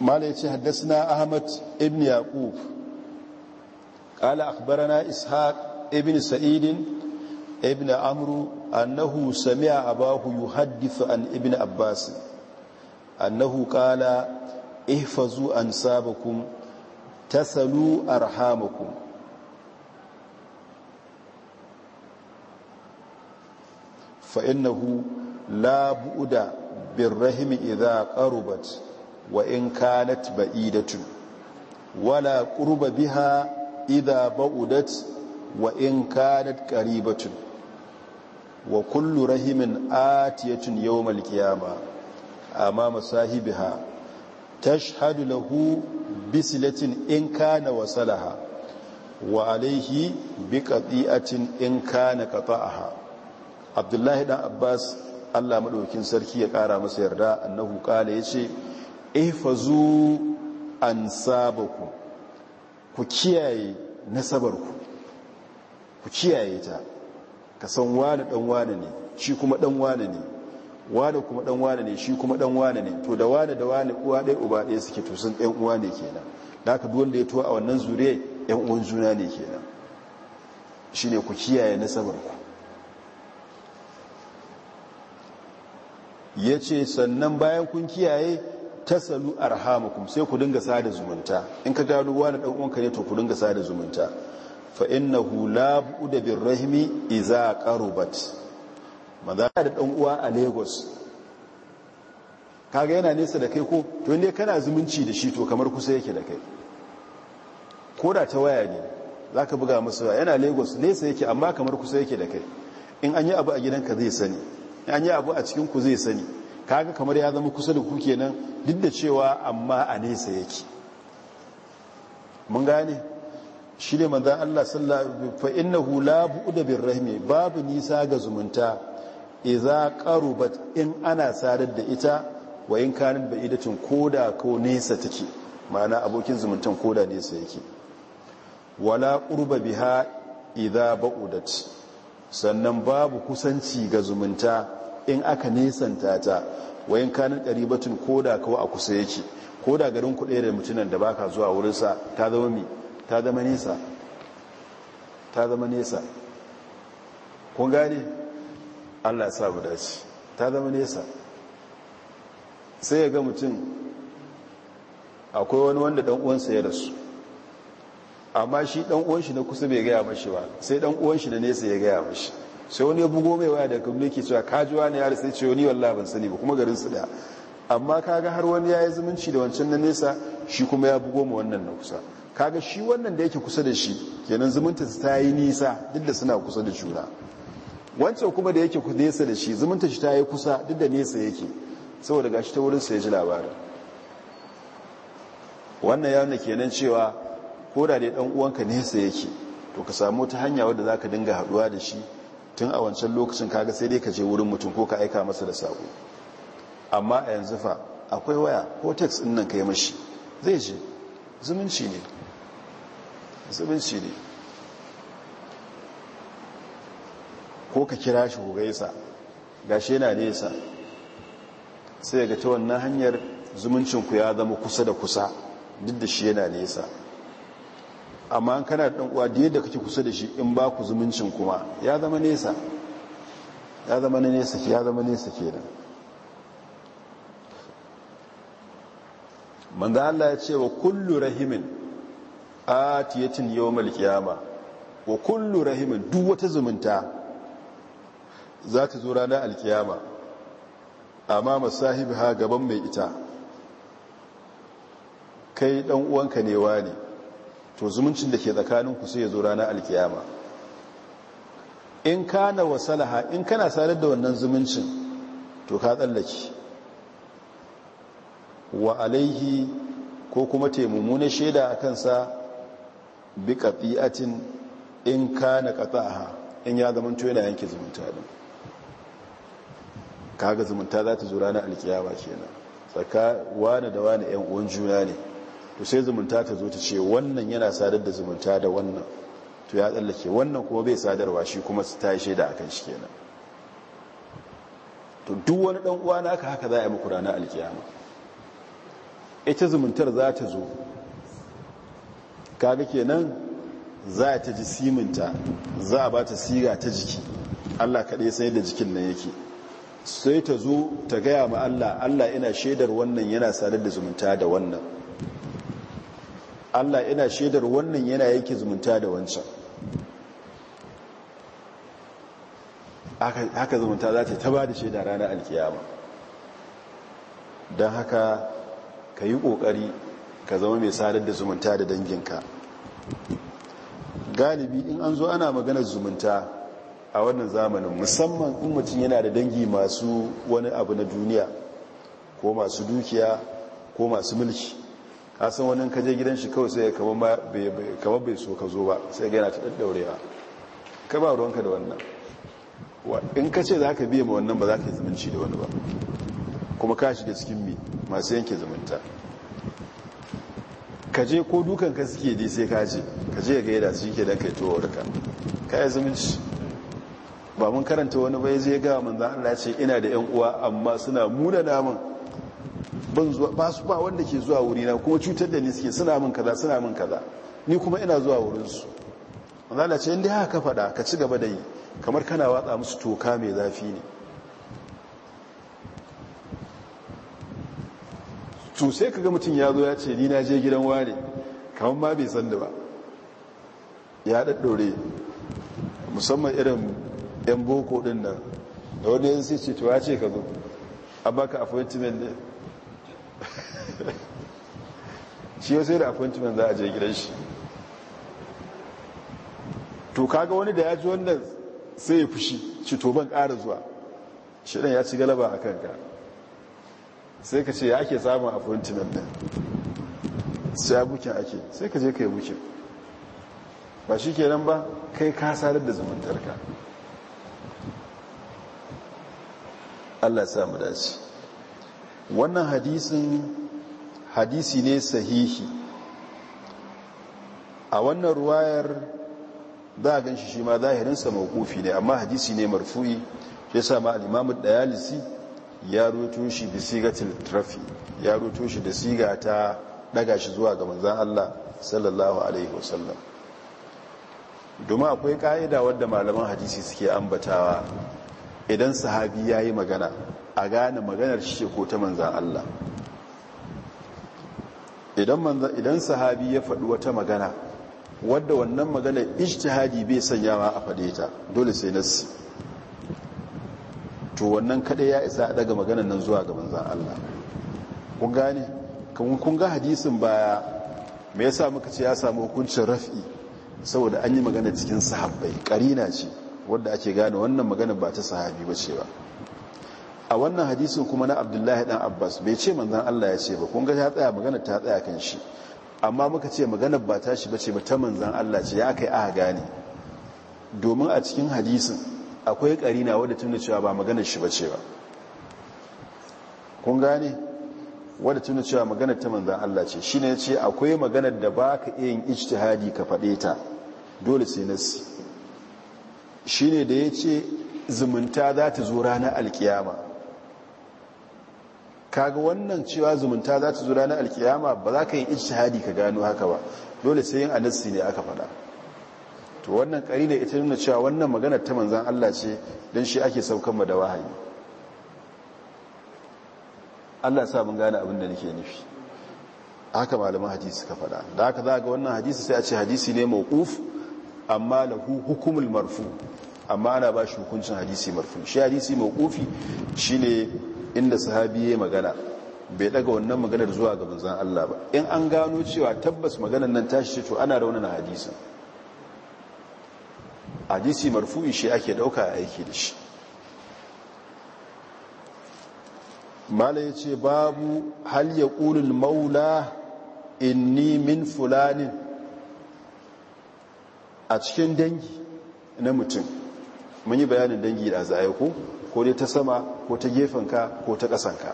mala ya ce haddasa ahmad ibn yaqub qala akhbarana ishaq ibn sa'id ibn amru annahu sami'a abahu yuhaddithu an ibn abbas annahu qala ihfazu ansabakum tasalu arhamakum fa innahu la bu'da بالرحم إذا قربت وإن كانت بعيدة wala قرب بها idha ba'udat wa in kanat qaribatun wa kullu rahimin atiyatun yawmal ta amama masahibiha tashhadu lahu bisilatin in kana wasalaha wa alaihi biqati'atin in kana qata'aha abdullahi dan abbas Allah madaukin sarki ya kara masa yarda annahu qala yace ihfazu ansabakum ku kiyaye nasabarku ku kiyaye ta ka san wane dan wane ne shi kuma dan wane ne wane kuma dan wane ne shi kuma dan wane ne to da wane da wane uwa ɗaya uba ɗaya suke to sun ɗan uwa ne kenan da aka duwanda ya tuwa a wannan zure ɗan uwan juna ne kenan shi ne ku kiyaye nasabarku ya ce sannan bayan kun kiyaye tasalu arhamukum sai ku dinga sada zumunta in ka gano wani dan uwanka ne to ku dinga sada zumunta fa innahu la bu'da birrahimi idza qarubat maza da dan uwa a Lagos kaga yana nesa da kai ko to ne kana zumunci da shi to kamar kusa yake da kai ko ta waya ne zaka buga masa yana Lagos nesa yake amma kamar kusa yake da kai in an yi abu a gidanka zai sani in an yi abu a cikin ku zai sani kaga kamar ya zama kusa da ku kenan duk da cewa amma a nesa yake mun gane shi ne manzan Allah fa hula bu'u da bin rahimi, babu nisa ga zumunta karu ba in ana sadar da ita wa in kanin ba'idatin koda ko nesa take ma'ana abokin zumuntan koda nesa yake wala ƙurba biha iza ba'udat sannan babu kusanci ga zumunta in aka nesanta ta wayan kanin batun ko da kawo a kusa yake ko da garin kuɗe da mutunan da baka zuwa wurinsa ta zama mi ta zama nesa ta zama nesa kun gane allah sa mu dace ta zama nesa sai ya ga mutum akwai wani wanda ɗan uwansa ya rasu amma shi ɗan na kusa bai gaya mashi ba sai ɗan na nesa ya gaya mashi sai wani ya bugo mai waya da kabila ke cewa kajuwa ne ya rasu ce wani wallah ban sani ba kuma garin su daya amma kaga har wani ya yi zumunci da wancan na nesa shi kuma ya bugo ma wannan na kusa kaga shi wannan da yake kusa da shi kenan zumunta ta yi nisa duk da suna kusa da juna wancan kuma da yake nesa da shi zumunta shi ta yi kusa duk da nesa yake saboda gashi ta wurin sa ya ji labarin wannan ya nuna kenan cewa ko da dai dan uwanka nesa yake to ka samu ta hanya wadda zaka dinga haduwa da shi tun a wancan lokacin kaga sai dai ka je wurin mutum ko ka aika masa da sako amma a yanzu fa akwai waya ko text din nan kai mashi zai je zumunci ne zumunci ne ko ka kira shi ko gaisa gashi yana nesa sai ga ta wannan hanyar zumuncinku ya zama kusa da kusa duk da shi yana nesa amma kana da uwa da yadda kake kusa da shi in ba ku zumuncin kuma ya zama nesa ya zama nesa ya zama nesa kenan manzan Allah ya ce wa kullu rahimin a atiyatin ya qiyama wa kullu rahimin duk wata zumunta za ta zo ranar alkiyama amma masahibi ha gaban mai ita kai dan uwanka ne to zumuncin da ke tsakanin ku sai ya zo ranar alkiyama in kana na wasalaha in kana sadar da wannan zumuncin to ka tsallake wa alaihi ko kuma taimummunan shaida a kansa bi ƙafi'atin in kana ƙasaha in ya zama zamanto yana yanke zumunta ɗin kaga zumunta za ta zo ranar alkiyama kenan tsaka wane da wane 'yan uwan juna ne to sai zumunta ta zo ta ce wannan yana sadar da zumunta da wannan to ya tsallake wannan kuma bai sadarwa shi kuma ta tashi da akan shi kenan to duk wani dan uwa aka haka za a yi muku ranar alkiyama ita zumuntar za ta zo kaga kenan za ta ji siminta za a ba ta siga ta jiki Allah kaɗai sai da jikin nan yake sai ta zo ta gaya ma Allah Allah ina shaidar wannan yana sadar da zumunta da wannan Allah ina shaidar wannan yana yake zumunta da wancan haka zumunta za ta taba da shaida ranar alkiyama don haka ka yi ƙoƙari ka zama mai sadar da zumunta da danginka galibi in an zo ana maganar zumunta a wannan zamanin musamman in mutum yana da dangi masu wani abu na duniya ko masu dukiya ko masu mulki kasan wani kaje gidan shi kawai sai kama bai so ka zo ba sai ga ta ta daddaurewa ka ba ruwanka da wannan in ka ce za ka biya ma wannan ba za ka yi zumunci da wani ba kuma ka shiga cikin mi masu yanke zumunta ka je ko dukan ka suke di sai ka je ka je ga yada su yake don ka yi towa da ka Ka yi zumunci ba mun karanta wani bai zai gawa manzan Allah ce ina da yan uwa amma suna muna namun ban ba su ba wanda ke zuwa wurina kuma cutar da ni suke suna min kaza suna min kaza ni kuma ina zuwa wurinsu wanda ce inda haka faɗa ka ci gaba da yi kamar kana watsa musu toka mai zafi ne to sai ga mutum ya zo ya ce ni na je gidan ware kamar ma bai san da ba ya daddore musamman irin yan boko din nan da wani yan sai ce to ya ce ka zo a baka appointment shi yau sai da appointment za a je gidan shi to kaga wani da ya ji wannan sai ya fushi ci to ban ƙara zuwa shi ya ci galaba a kanka sai ka ce ya ake samun appointment ɗin sai ya bukin ake sai ka je ka yi bukin ba shi kenan ba kai ka sadar da zumuntarka Allah samu dace wannan hadisin hadisi ne sahihi a wannan ruwayar za a ganshi shi shi ma zahirinsa mawkufi ne amma hadisi ne marfu'i shi sa ma al'imamu dayalisi ya roto shi da sigatil trafi ya roto shi da siga ta daga shi zuwa ga manzan Allah sallallahu alaihi wasallam domin akwai ka'ida wadda malaman hadisi suke ambatawa idan sahabi ya yi magana a gane maganar shi ko ta manzan Allah idan sahabi ya faɗi wata magana wadda wannan maganar ijtihadi bai sanyawa a faɗe ta dole sai nassi to wannan kada ya isa a daga maganar nan zuwa ga manzan Allah kun gane kun ga hadisin baya me yasa muka ce ya samu hukuncin raf'i saboda an yi magana cikin sahabbai karina ce wadda ake gane wannan magana ba ta sahabi ba ce ba a wannan hadisin kuma na abdullahi dan abbas bai ce manzan allah ya ce ba kun ga ta tsaya magana ta tsaya kan shi amma muka ce magana ba ta shi ba ce ba ta manzan allah ce ya kai aka gane domin a cikin hadisin akwai karina wadda tun cewa ba maganar shi ba ce ba kun gane wadda tun cewa maganar ta manzan allah ce shine ya ce akwai maganar da ba ka iya yin ijtihadi ka faɗe dole sai nasi Shi ne da ya ce zumunta za ta zo ranar alkiyama kaga wannan cewa zumunta za ta zo ranar alkiyama ba za ka yi ijtihadi ka gano haka ba dole sai yin anassi ne aka faɗa to wannan ƙari da ita nuna cewa wannan magana ta manzan Allah ce don shi ake saukan ma da wahayi Allah sa mun gane abin da nake nufi haka malaman hadisi ka faɗa da haka za ga wannan hadisi sai a ce hadisi ne mawquf amma lahu hukumul marfu amma ana ba shi hukuncin hadisi marfu shi hadisi mai mawqufi shine inda sahabi ya magana bai daga wannan maganar zuwa ga manzon Allah ba in an gano cewa tabbas maganar nan tashi to ana raunana hadisin hadisi marfu shi ake dauka a aiki da shi mala ya ce babu hal ya maula inni min fulanin a cikin dangi na mutum mun yi bayanin dangi da za ko ko dai ta sama ko ta gefenka ko ta ƙasanka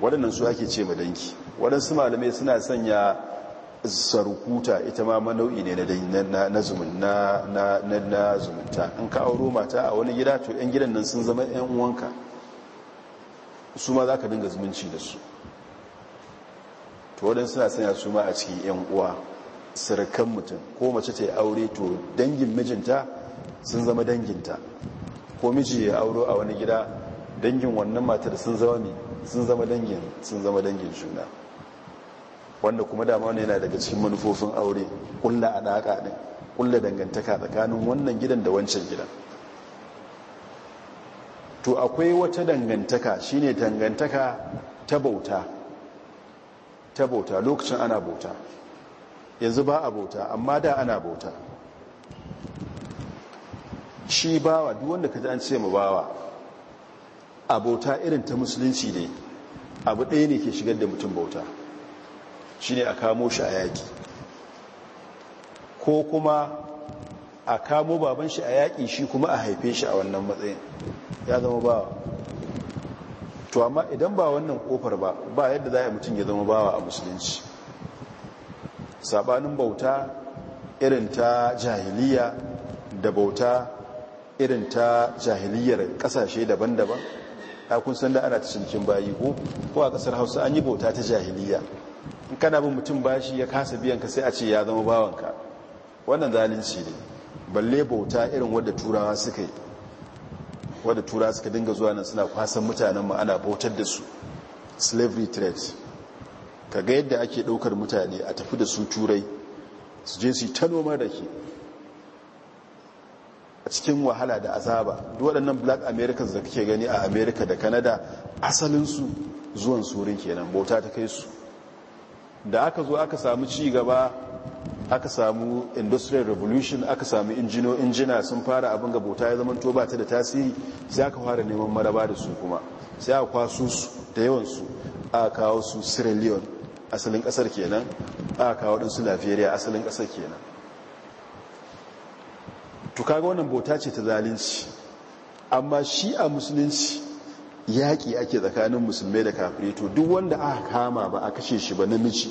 waɗannan su ake ce ma dangi waɗansu malamai suna sanya sarukuta ita ma manau'i ne na zumunta in ka auro mata a wani gida to 'yan gidan nan sun zama 'yan uwanka su ma za ka dinga zumunci da su to waɗansu suna sanya su ma a cikin 'yan uwa sirkan mutum ko mace ta yi aure to dangin mijinta sun zama danginta ko miji ya auro a wani gida dangin wannan matar sun zama ne sun zama dangin sun zama dangin juna wanda kuma dama ne yana daga cikin manufofin aure kulla alaƙa din, kulla dangantaka tsakanin wannan gidan da wancan gidan to akwai wata dangantaka shine dangantaka ta bauta lokacin ana bauta yanzu ba a bauta amma da ana bauta shi bawa duk wanda ka ji an ce mu bawa abota irin ta musulunci ne abu ɗaya ne ke shigar da mutum bauta shi ne a kamo shi a yaƙi ko kuma a kamo baban shi a yaƙi shi kuma a haife shi a wannan matsayin ya zama bawa to amma idan ba wannan kofar ba ba yadda za a mutum ya zama bawa a musulunci sabanin bauta irin ta jahiliya da bauta irin ta jahiliyar kasashe daban-daban a kun san da ana cikin bayi ko ko a kasar hausa an yi bauta ta jahiliya in kana bin mutum bashi ya kasa biyan ka sai a ce ya zama bawanka wannan zalunci ne balle bauta irin wadda turawa suka yi wadda turawa suka dinga zuwa nan suna kwasan mutanenmu ana bautar da su slavery trade ka ga yadda ake ɗaukar mutane a tafi da su turai su je su ta noma da ke a cikin wahala da azaba duk waɗannan black americans da kake gani a america da canada asalinsu zuwan surin kenan bauta ta kai su da aka zo aka samu ci aka samu industrial revolution aka samu injino injina sun fara abin ga bauta ya zaman toba ta da tasiri sai aka fara neman maraba da su kuma sai aka kwaso su da yawansu a kawo su sierra leone asalin kasar kenan a kawo ɗansu lafiyariya asalin kasar kenan tukaga wannan bauta ce ta zalunci amma shi a musulunci yaƙi ake tsakanin musulmai da kafirai to duk wanda aka kama ba a kashe shi ba namiji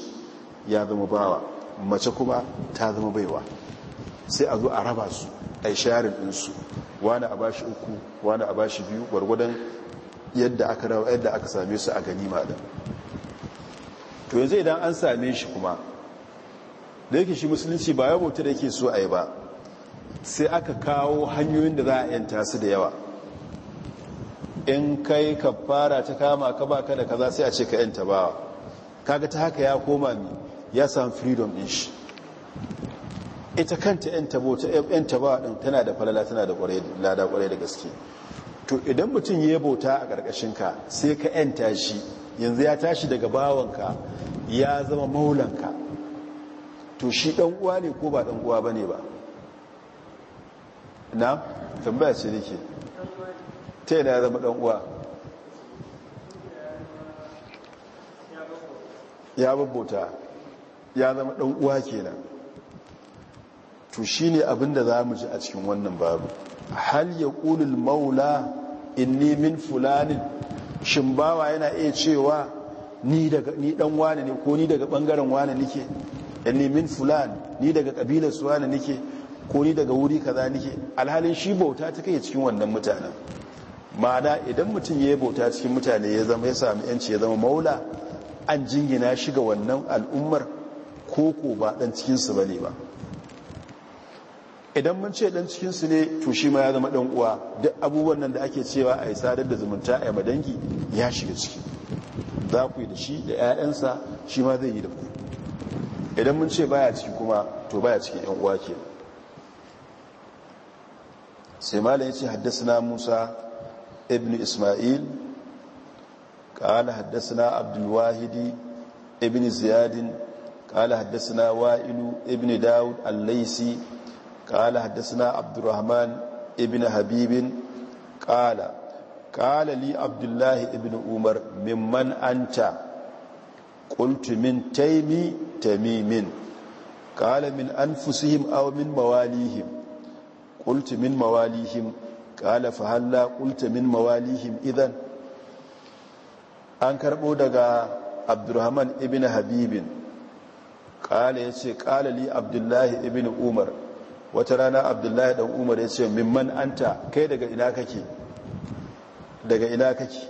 ya zama bawa mace kuma ta zama baiwa sai a zo a raba su a yi sharin ɗinsu wani a bashi uku wani a bashi biyu gwargwadon yadda aka same su a ganima da to yanzu idan an same shi kuma da yake shi musulunci ba ya mutu da yake so a yi ba sai aka kawo hanyoyin da za a yanta su da yawa in kai ka fara ta kama ka ba ka da kaza sai a ce ka yanta bawa kaga ta haka ya koma mi ya sami freedom din shi ita kanta yanta bauta yanta ba din tana da falala tana da lada kwarai da gaske to idan mutum ya bauta a ƙarƙashinka sai ka yanta shi yanzu ya tashi daga bawanka ya zama maulanka to shi dan uwa ne ko ba dan uwa bane ba na tambaya ce nake ta yana zama dan uwa ya babbota ya zama dan uwa kenan to shi ne abinda za mu ji a cikin wannan babu hal yaqulul maula inni min fulanin shin bawa yana iya cewa ni daga ni dan wane ne ko ni daga bangaren wane nike yani min fulan ni daga kabilar su wane nike ko ni daga wuri kaza nake alhalin shi bauta ta kai cikin wannan mutanen ma'ana idan mutum ya bauta cikin mutane ya zama ya samu yanci ya zama maula an jingina shiga wannan al'ummar koko ba dan cikin su bane ba idan mun ce dan su ne to shi ma ya zama dan uwa duk abubuwan nan da ake cewa a yi sadar da zumunta a madangi ya shiga ciki za ku yi da shi da ƴaƴansa shi ma zai yi da ku idan mun ce baya ciki kuma to baya cikin yan uwa ke sai malam ya ce haddasa musa ibn ismail ƙala haddasa abdulwahidi ibni ziyadin ƙala haddasa wa'ilu ibn dawud al قال حدثنا عبد الرحمن ابن حبيب قال قال لي عبد الله ابن عمر ممن أنت قلت من تيمي تميم قال من أنفسهم أو من مواليهم قلت من مواليهم قال فهلا قلت من مواليهم إذن an karbo daga abdurrahman ibn habibin kala ya ce kala li abdullahi ibn umar wata rana abdullahi dan umar ya ce mimman anta kai daga ina kake daga ina kake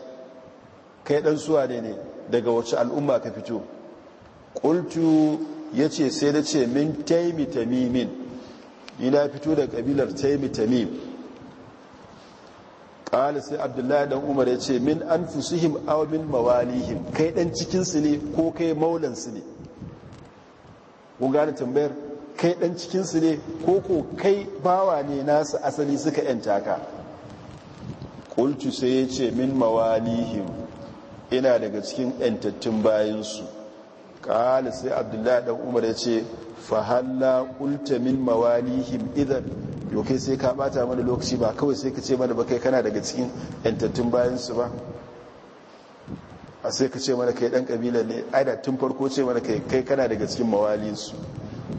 kai ɗan suwa ne ne daga wace al'umma ka fito ya ce sai da ce min taimi tamimin ina fito da ƙabilar taimi tamim ƙali sai abdullahi dan umar ya ce min an fusuhim min mawalihim kai ɗan cikinsu ne ko kai maulansu ne kun gane tambayar kai dan cikinsu ne ko ko kai bawa ne nasu asali suka yanta ka kultu sai ya ce min mawalihim ina daga cikin yantattun bayansu kala sai abdullahi dan umar ya ce fahalla kulta min mawalihim idan yau sai ka bata mana lokaci ba kawai sai ka ce mana ba kai kana daga cikin yantattun bayansu ba a sai ka ce mana kai ɗan ƙabila ne aida tun farko ce mana kai kana daga cikin mawalinsu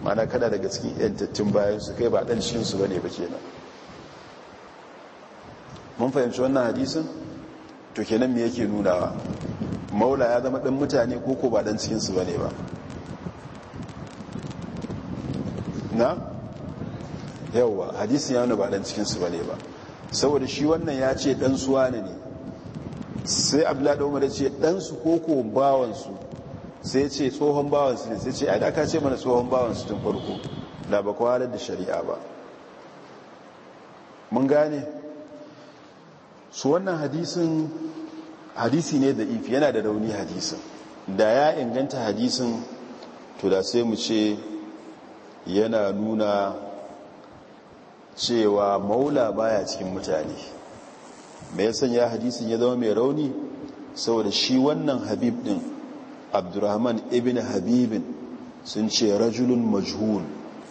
mana kada daga cikin yantattun bayan su kai ba dan cikin su bane ba kenan mun fahimci wannan hadisin to kenan me yake nunawa maula ya zama dan mutane ko ko ba dan cikin su bane ba na yawa hadisin ya nuna ba dan cikin su bane ba saboda shi wannan ya ce dan suwa ne sai abdullahi umar ya ce dan su ko ko bawan su sai ce tsohon bawan su ne sai ce aida ka ce mana tsohon bawansu su tun farko da ba halar da shari'a ba mun gane su wannan hadisun hadisi ne da ifi yana da rauni hadisin da ya inganta hadisin to da sai mu ce yana nuna cewa maula baya cikin mutane mai sanya ya hadisin ya zama mai rauni saboda shi wannan habib din abdurrahman ibn habibin sun ce rajulun majhul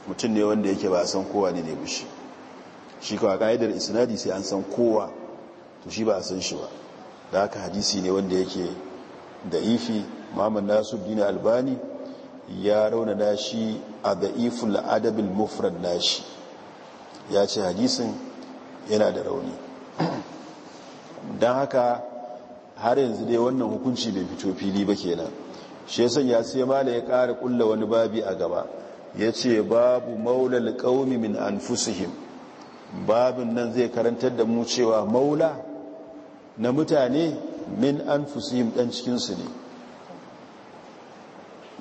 mutum ne wanda yake ba a san kowa ne ne bushi shi kawai ka'idar isnadi sai an san kowa to shi ba a san shi ba da haka hadisi ne wanda yake da ifi muhammad nasu dina albani ya rauna shi a da ifin la'adabin mufrad nashi ya ce hadisin yana da rauni don haka har yanzu dai wannan hukunci bai fito fili ba kenan shi ya sanya sai mala ya ƙara kulla wani babi a gaba ya ce babu maulal ƙaumi min anfusihim babin nan zai karantar da mu cewa maula na mutane min anfusihim ɗan cikinsu ne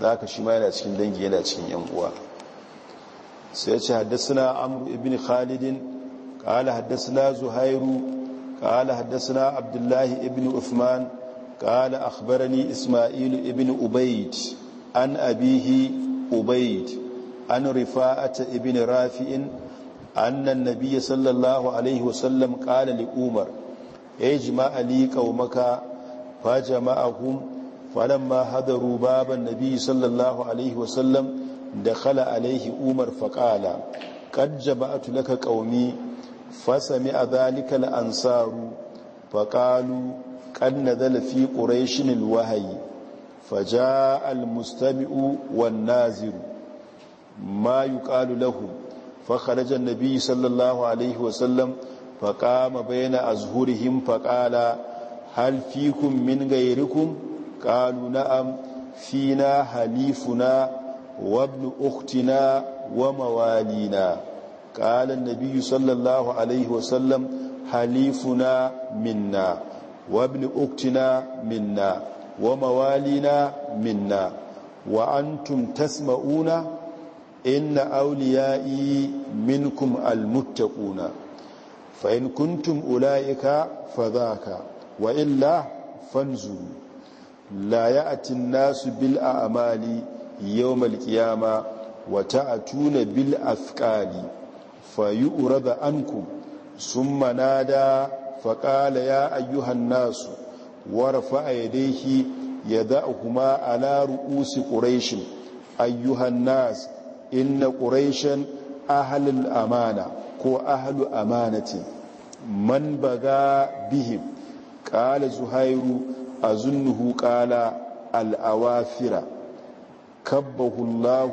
za ka shi ma yana cikin dangi yana cikin yan uwa sai ya ce haddasa na amur ibn khalidin ƙala haddasa na zuhairu قال حدثنا عبد الله ابن عثمان قال أخبرني إسماعيل ابن أبيد عن أبيه أبيد عن رفاعة ابن رافع أن النبي صلى الله عليه وسلم قال لأمر اجمع لي قومك فجمعهم فلما حضروا باب النبي صلى الله عليه وسلم دخل عليه أمر فقال قد جمعت لك قومي fasami a zalikal ansaru faƙalu ƙanna zalafi ƙuraishinin wahayi faja almustami'u wan naziru ma yi ƙalu lahu fakharajar nabi sallallahu alaihi wasallam faƙama bayana a zuhurihim faƙala halfikun min gairikun ƙalu na'am fina halifuna wabnu uktina wa mawalina kala nabi sallallahu alaihi wasallam halifuna minna wa ibn uktina minna wa mawalina minna wa antum tasma'una inna awliya'i minkum almuttaquna fa in kuntum ulaiika fadhaka wa illa fanzu la ya'ti an-nasu bil a'mali yawm al-qiyamah wa ta'tuna bil afqali ku sun mana da faƙala ya ayyuhan nasu warfa yadayhi yadahuma ala ru'usi ƙureshin ayyuhan nas inna ƙureshin ahalin amana ko ahlu amanati man baga bihim ƙala zuhairu a ƙala ƙala al'awafira kabbahu allah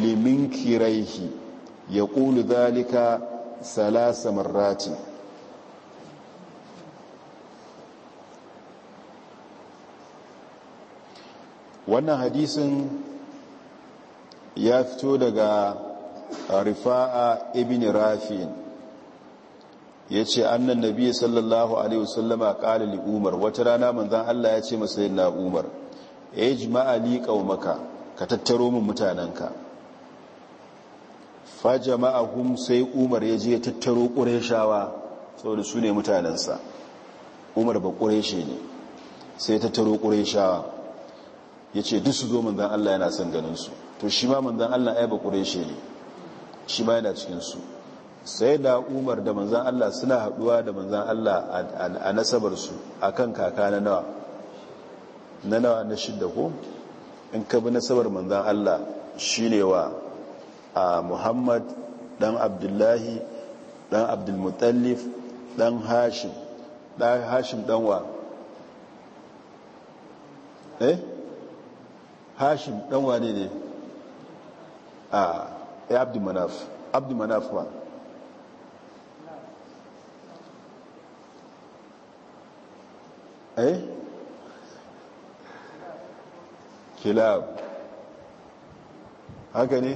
limin kiraihi ya ƙulu zalika salasa marrati wannan hadisin ya fito daga rifa'a ibn rafin ya ce annan nabi sallallahu alaihi wasallama ƙala li umar wata rana manzan allah ya ce masayin na umar ya ji ma'ali ƙaumaka ka tattaro min mutanenka fajama'ahum sai umar ya je ya tattaro ƙureshawa saboda su ne mutanensa umar ba ƙureshe ne sai ya tattaro ƙureshawa ya ce duk su zo manzan Allah yana son ganinsu to shi ma manzan Allah ya ba ƙureshe ne shi ma yana cikinsu sai da umar da manzan Allah suna haɗuwa da manzan Allah a nasabarsu a kan kaka na nawa na nawa na shidda ko in ka bi nasabar manzan Allah shi ne wa a muhammad dan abdullahi dan abdulmutallif dan hashim dan hashim dan wa eh hashim dan wa ne ne a ya eh, abdulmanaf abdulmanaf wa eh kilab haka ne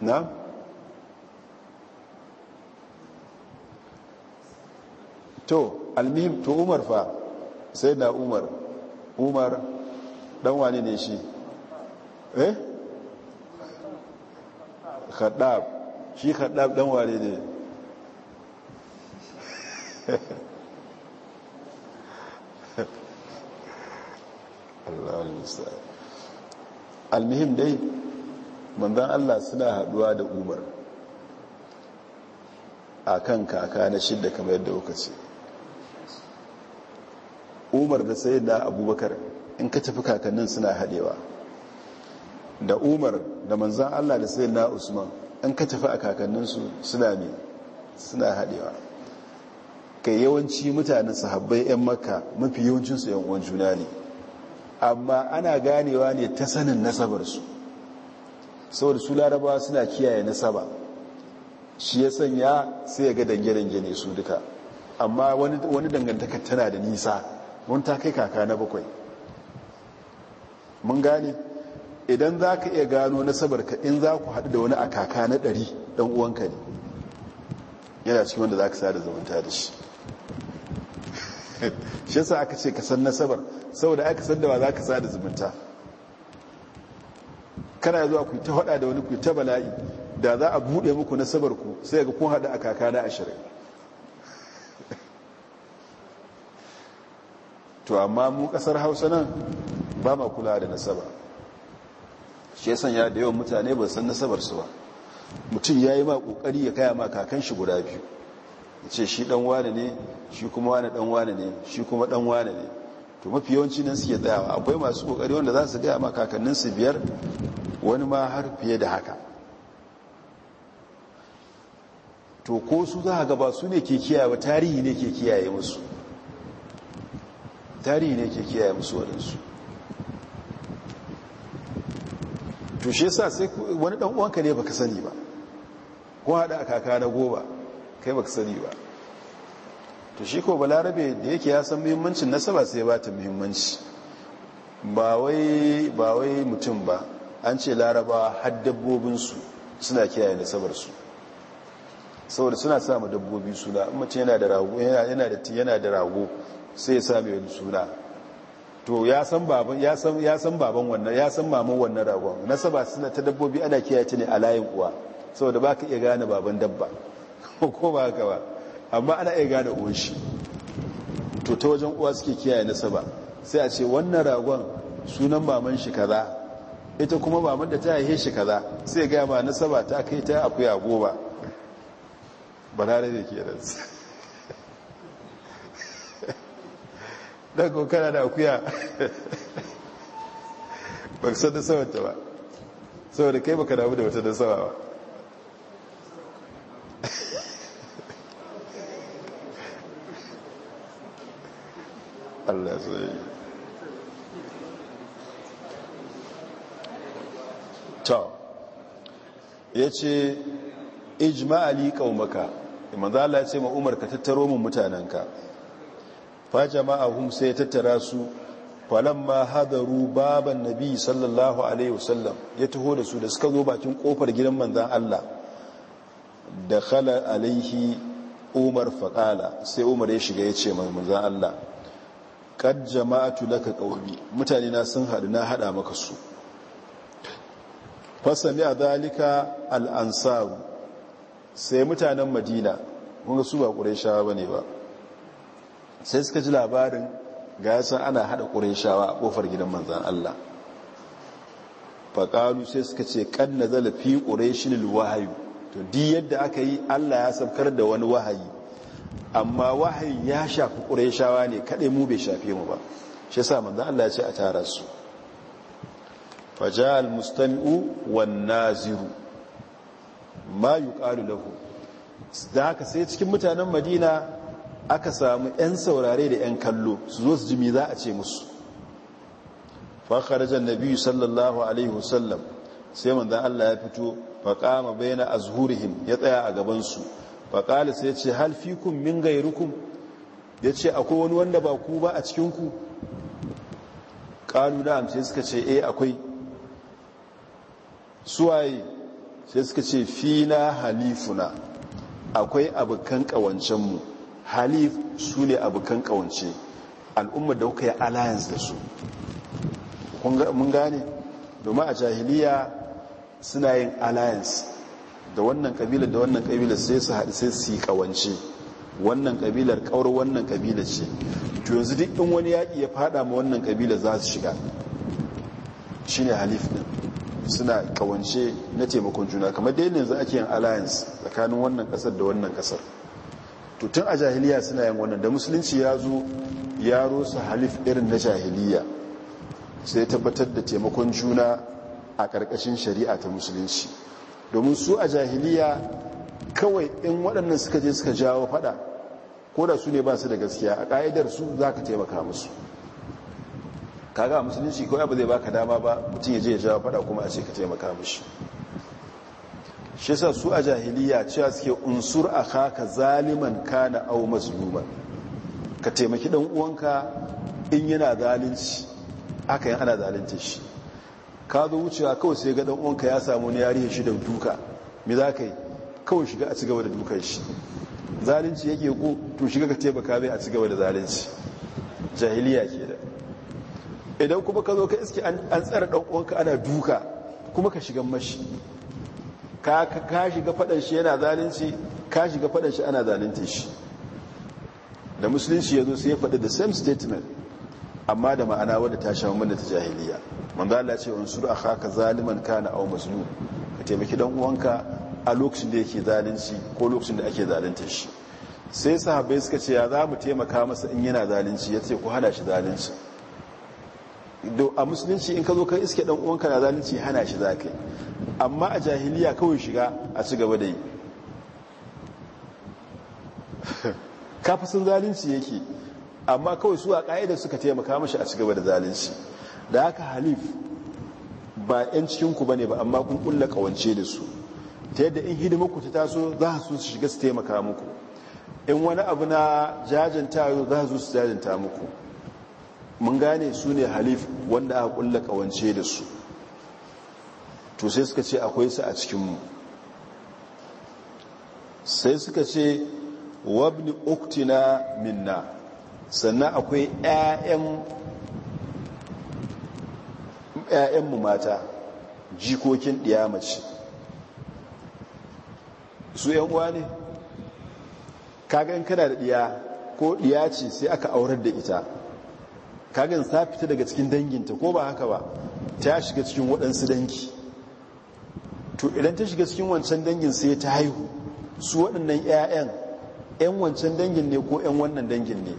to almihim to umar fa sai na umar umar dan wane ne shi eh shi khaddab dan wane ne almihim dai manzan Allah suna haduwa da umar a kan kaka na shidda kamar yadda kuka ce umar da sai da abubakar in ka tafi kakannin suna hadewa da umar da manzan Allah da sai da usman in ka tafi a kakanninsu suna ne suna hadewa kai yawanci mutanen sahabbai 'yan makka mafi yawancinsu 'yan uwan juna ne amma ana ganewa ne ta sanin nasabarsu saboda su larabawa suna kiyaye nasaba shi ya sanya sai ya ga dange-dange ne su duka amma wani dangantakar tana da nisa wani ta kai kaka na bakwai mun gane idan za ka iya gano nasabarka in za ku haɗu da wani a kaka na ɗari ɗan uwanka ne yana cikin wanda za ka sa da zamanta da shi shi yasa aka ce ka san nasabar saboda aka san da ba za ka sa da zumunta kana zuwa ku ta hada da wani ku ta bala'i da za a bude muku nasabar ku sai ga kun hada a kaka na ashirin to amma mu kasar hausa nan ba ma kula da nasaba shi yasan ya da yawan mutane ba san nasabar su ba mutum ya yi ma kokari ya kaya ma kakan shi guda biyu ya ce shi dan wane ne shi kuma wane dan wane ne shi kuma dan wane ne to mafi yawanci nan suke tsayawa akwai masu kokari wanda za su gaya ma kakanninsu biyar wani ma har fiye da haka to ko su za a gaba su ne ke kiyaye tarihi ne ke kiyaye musu tarihi ne ke kiyaye musu waɗansu to shi sa sai wani ɗan uwanka ne baka sani ba ko haɗa kaka na goma kai baka sani ba to shi ko balarabe da yake ya san muhimmancin nasaba sai ba ta muhimmanci ba wai mutum ba an ce laraba har dabbobinsu suna kiyaye nasabarsu saboda suna samu dabbobi suna mace yana da rago yana da rago sai ya sami wani suna to ya san baban wannan ya san maman wannan ragon nasaba suna ta dabbobi ana kiyaye ta ne a layin kuwa saboda baka iya gane baban dabba ko ba ka ba amma ana iya gane uwan shi to ta wajen uwa suke kiyaye nasaba sai a ce wannan ragon sunan maman shi kaza ita kuma maman da ta haihe shi kaza sai ga ba nasaba ta kai ta akuya goma balare da ke ransa don kokana da akuya ba san da sawanta ba saboda kai baka damu da wata da sawa ba Eh, Allah zai ta ya ce ijma'ali Allah ce ma umar ka tattaro mun mutanenka fa hun sai tattara su ma hadaru baban nabi sallallahu alaihi wasallam ya taho da su da suka zo bakin kofar gidan manzan Allah da khala alaihi umar faƙala sai umar ya shiga ya ce manzan Allah kad jama'atu laka qawmi mutane na sun hadu na hada maka su fasami dalika al ansar sai mutanen madina wanda su ba ƙureshawa ba ne ba sai suka ji labarin ga san ana haɗa quraishawa a ƙofar gidan manzan Allah faƙalu sai suka ce kan nazala zalafi quraishil wahayu to di yadda aka yi Allah ya saukar da wani wahayi amma wahayin ya shafi ƙuraishawa ne kaɗai mu bai shafe mu ba shi sa manzan Allah ce a tara su mustami'u almustami'u wan naziru ma ƙalu lahu da haka sai cikin mutanen madina aka samu 'yan saurare da 'yan kallo su zo su ji mi za a ce musu fakarajen nabi sallallahu alaihi wasallam sai manzan Allah ya fito faƙama bai na azhurihim ya tsaya a gabansu faƙali sai ce halfikun min gairukun ya ce akwai wani wanda ba ku ba a cikinku ƙalu na amce suka ce e akwai suwaye sai suka ce fina halifuna akwai abokan ƙawancenmu halif su ne abokan ƙawance al'ummar da kuka yi alayans da su mun gane domin a jahiliya suna yin alayans da wannan kabilar da wannan kabilar sai su haɗu sai su yi kawance wannan kabilar kawar wannan kabilar ce to yanzu duk in wani yaƙi ya faɗa ma wannan kabilar za su shiga Shi ne halif ɗin suna kawance na taimakon juna kamar dai yanzu ake yin alliance tsakanin wannan kasar da wannan kasar to tun a jahiliya suna yin wannan da musulunci ya zo ya rosa halif irin na jahiliya sai tabbatar da taimakon juna a ƙarƙashin shari'a ta musulunci domin su a jahiliya kawai in waɗannan suka je suka jawo fada ko da su ne ba su da gaskiya a ƙa'idar su za ka taimaka musu kaga a musulunci kawai ba zai baka dama ba mutum ya je ya jawo fada kuma a ce ka taimaka mushi shi sa su a jahiliya cewa suke unsur a haka zaliman kana au mazluman ka taimaki dan uwanka in yana zalunci aka yin ana zalunta shi ka zo wucewa kawai sai ga dan uwanka ya samu ne yariya shi da duka me za ka yi kawai shiga a cigaba da dukan shi zalunci yake ko to shiga ka taimaka bai a cigaba da zalunci jahiliya ke da idan kuma ka zo ka iske an tsara dan uwanka ana duka kuma ka shiga mashi ka shiga fadan shi yana zalunci ka shiga fadan shi ana zalunta shi da musulunci ya zo sai ya faɗi the same statement amma da ma'ana wadda ta shawo mana ta jahiliya manzo Allah wani suru a haka zaliman kana au mazlum ka taimaki dan uwanka a lokacin da yake zalunci ko lokacin da ake zalunta shi sai sahabbai suka ce ya za mu taimaka masa in yana zalunci ya ce ku hana shi zalunci a musulunci in ka zo ka iske dan uwanka na zalunci hana shi za ka amma a jahiliya kawai shiga a ci gaba da yi kafin zalunci yake amma kawai su a ƙa'ida suka taimaka mashi a cigaba da zalunci da haka halif ba 'yan cikinku ba ne ba amma kun ƙulla ƙawance da su ta yadda in hidimarku ta taso za su su shiga su taimaka muku in wani abu na jajanta yau za su su jajanta muku mun gane su ne halif wanda aka kulla ƙawance da su to sai suka ce akwai su a cikinmu sai suka ce wabni uktina minna sannan akwai 'ya'yan mu mata jikokin ɗiyamaci su 'yan uwa ne kagan kada da ɗiya ko ɗiya ce sai aka aurar da ita kagan sa fita daga cikin danginta ko ba haka ba ta shiga cikin waɗansu dangi to idan ta shiga cikin wancan dangin sai ta haihu su waɗannan 'ya'yan 'yan wancan dangin ne ko 'yan wannan dangin ne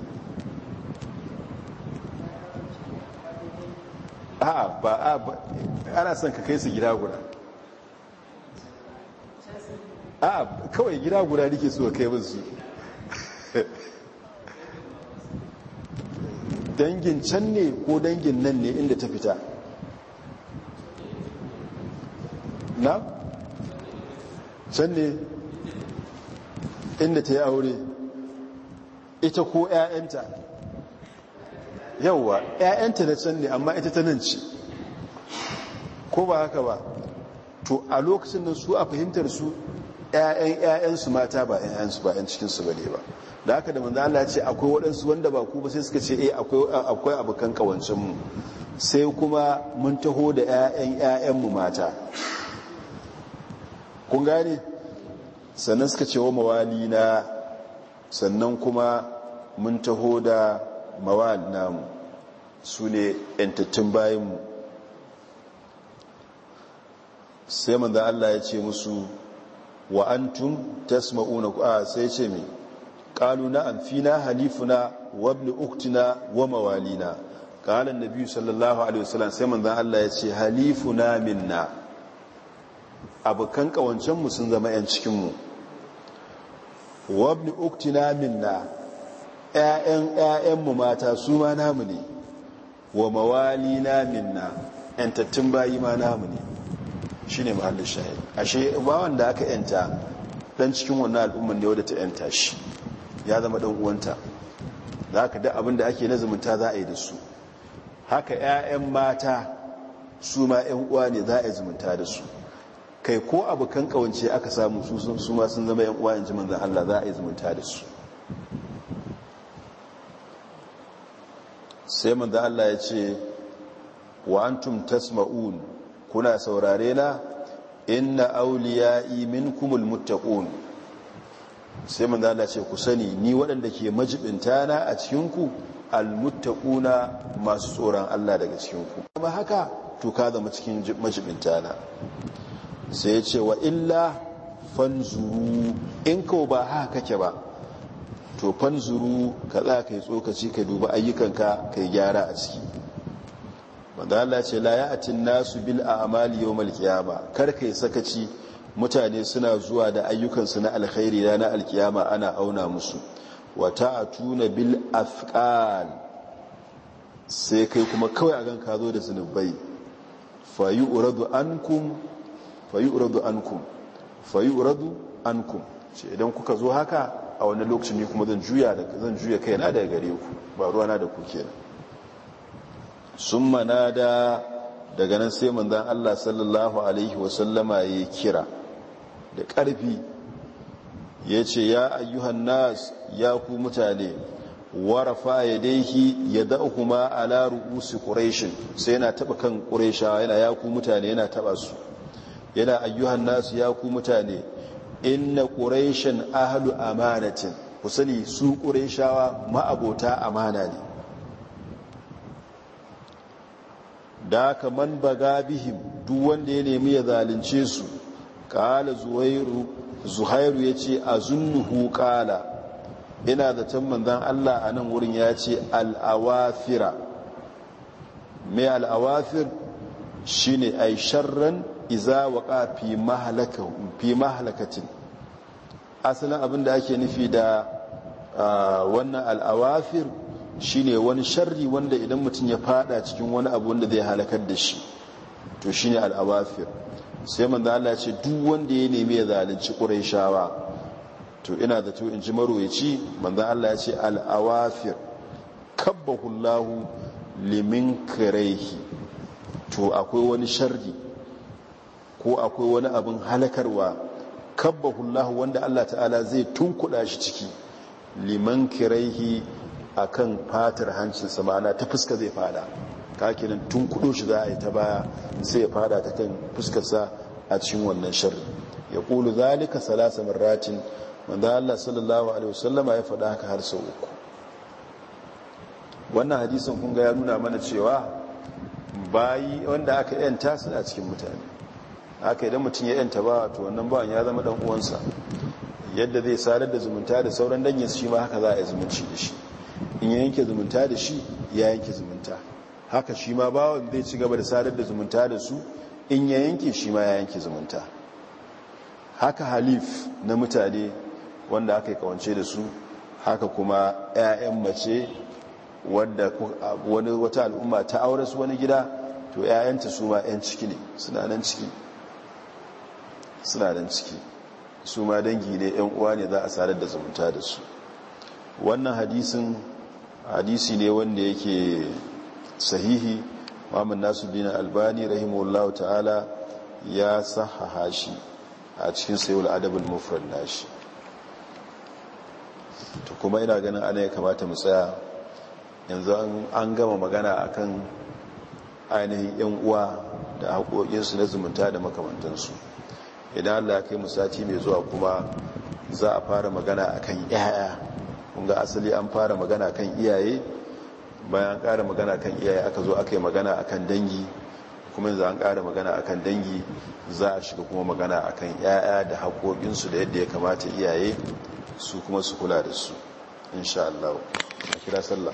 a'a ba a ana son ka kai su gida guda a'a kawai gida guda nake so ka kai basu. dangin can ne ko dangin nan ne inda ta fita na can ne inda ta yi aure ita ko 'ya'yanta yauwa ‘ya'yanta na can ne amma ita ta nan ce ko ba haka ba to a lokacin nan su a fahimtar su ‘ya'yan ‘ya'yansu mata ba ‘ya'yansu ba ‘yan cikinsu ba ne ba da haka da manzan Allah ce akwai waɗansu wanda ba ku ba sai suka ce eh akwai abokan mu. sai kuma mun taho da ‘ya'yan 'ya'yan mu mata kun gane sannan suka ce wa mawali na sannan kuma mun taho da mawal namu su ne ‘yantattun bayanmu sai manzan Allah ya ce musu wa tasma'una a ah, sai ce mai ƙalu na amfina halifuna wabni uktina wa mawalina ƙalan na biyu sallallahu alaihi wasallam sai manzan Allah ya ce halifuna minna abokan ƙawancenmu sun zama ‘yan cikinmu wabni uktina minna 'ya'yan 'ya'yanmu mata su ma namu ne wa mawali na minna 'yantattun bayi ma namu ne shi ne mahallin shahid ashe ba da aka 'yanta ɗan cikin wannan al'umman da wadda ta 'yanta shi ya zama ɗan uwanta za ka da abin da ake zumunta za a yi da su haka 'ya'yan mata su ma 'yan uwa ne za a yi zumunta da su kai ko abokan kawance aka samu su ma sun zama 'yan uwa in ji manzan Allah za a yi zumunta da su sai manzo Allah ya ce wa antum tasma'un kuna saurare na inna awliya'i minkumul muttaqun sai manzo Allah ce ku sani ni wadanda ke majibinta na a cikin ku almuttaquna masu tsoron Allah daga cikin ku kuma haka to ka zama cikin majibinta na sai ya ce wa illa fanzuru in ko ba haka kake ba to fanzuru ka za ka yi tsokaci ka duba ayyukanka ka yi gyara a ciki madala ce la nasu bil a'mali yawmal malkiyama kar kai sakaci mutane suna zuwa da ayyukansu na alkhairi na alkiyama ana auna musu wata a tuna bil afkan sai kai kuma kawai a ka zo da zunubai an kum fayi uradu an kum ce idan kuka zo haka a wani lokacin ne kuma zan juya da zan juya kaina daga gare ku ba na da ku kenan mana da, daga nan sai manzon Allah sallallahu alaihi wasallama ya kira da ƙarfi yace ya ayyuhan nas ya ku mutane warafa yadayhi yadahuma ala ru'usi quraish sai yana taba kan quraisha yana ya ku mutane yana taɓa su yana ayyuhan nas ya ku mutane inna ƙureshin ahalu amanatin ku sani su ƙureshawa ma'abota amana ne da ka man baga bihim duk wanda ya nemi ya zalunce su ƙala zuhairu ya ce a zunnuhu ƙala ina zaton zan allah a nan wurin ya ce al'awafira mai al'awafir shi ne a sharran iza waƙa fi mahalakacin asalin abin da ake nufi da wannan al'awafir shine wani sharri wanda idan mutum ya fada cikin wani abu wanda zai halakar da shi to shine al'awafir sai manzo Allah ce duk wanda ya nemi ya zalunci quraishawa to ina da to in ji marwayaci manzo Allah ya ce al'awafir kabbahu Allahu limin to akwai wani sharri ko akwai wani abin halakarwa kabbahullahu wanda Allah ta'ala zai tunkuda shi ciki liman kiraihi a kan fatar hancin ma'ana ta fuska zai fada kakinan tunkudo shi za a yi ta baya sai ya fada ta kan fuskarsa a cikin wannan sharri ya kulu zalika salasa marratin wanda Allah sallallahu alaihi wasallama ya faɗa haka har sau uku wannan hadisin kun ga ya nuna mana cewa bayi wanda aka yanta suna cikin mutane haka idan mutum ya yanta ba to wannan bawan ya zama dan uwansa yadda zai sadar da zumunta da sauran danginsa shi ma haka za a yi zumunci da shi in ya yanke zumunta da shi ya yanke zumunta haka shi ma bawan zai ci gaba da sadar da zumunta da su in ya yanke shi ma ya yanke zumunta haka halif na mutane wanda aka yi kawance da su haka kuma 'ya'yan mace wadda wata al'umma ta aure wani gida to 'ya'yanta su ma 'yan ciki ne suna nan ciki suna dan ciki su ma dangi ne yan uwa ne za a sadar da zumunta da su wannan hadisin hadisi ne wanda yake sahihi Muhammad dina Albani rahimu ta'ala ya sahaha shi a cikin sayul adabul mufrad nashi to kuma ina ganin ana ya kamata mu tsaya yanzu an gama magana akan ainihin yan uwa da haƙoƙinsu na zumunta da makamantansu idan Allah ya kai mu sati mai zuwa kuma za a fara magana akan yaya kun ga asali an fara magana kan iyaye bayan ƙara magana kan iyaye aka zo aka yi magana akan dangi kuma yanzu an ƙara magana akan dangi za a shiga kuma magana akan yaya da haƙoƙinsu da yadda ya kamata iyaye su kuma su kula da su insha a kira sallah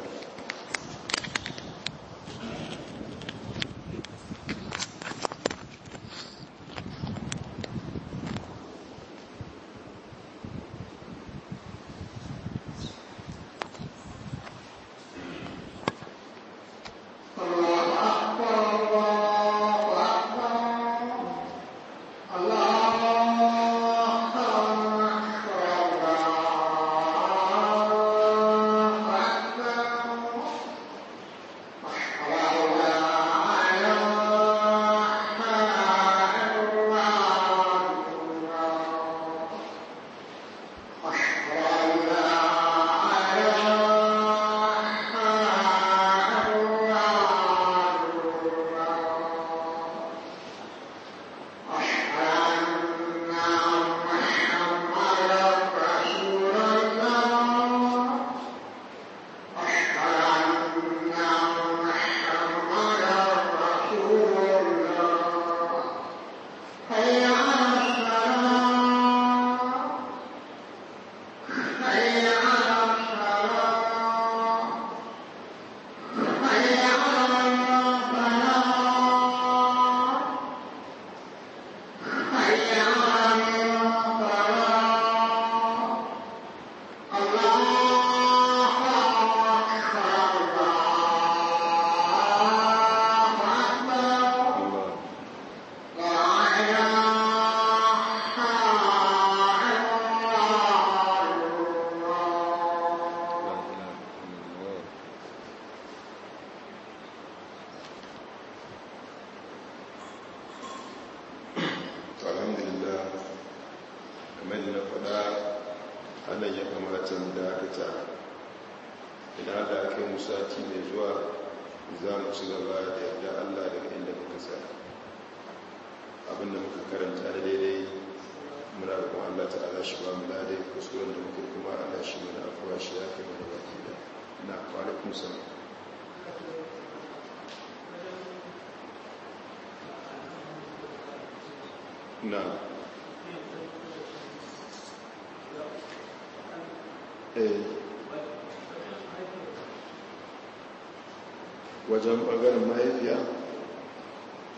wajen ɓangaren mahaifiya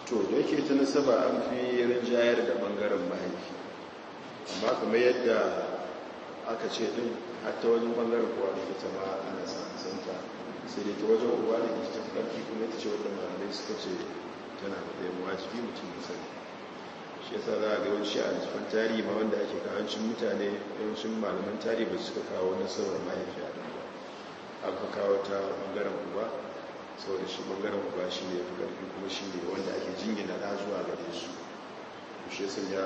to da yake ta nasaba an fi rinjayar da ɓangaren mahaifi amma kuma yadda aka ce ɗin hatta wajen ɓangaren kowa da ita ma ana santa sai dai ta wajen uwa da ita ta fi kuma ta ce wadda malamai suka ce tana da ɗaya wajibi mutum da sani shi yasa za a ga yawanci a jifan tarihi ma wanda ake kawancin mutane yawancin malaman tarihi ba suka kawo nasarar mahaifiya ɗin ba an kawo ta ɓangaren uba saboda shi bangaren uba shi ne ya fi karfi kuma shi ne wanda ake jingina da zuwa gare su shi sun ya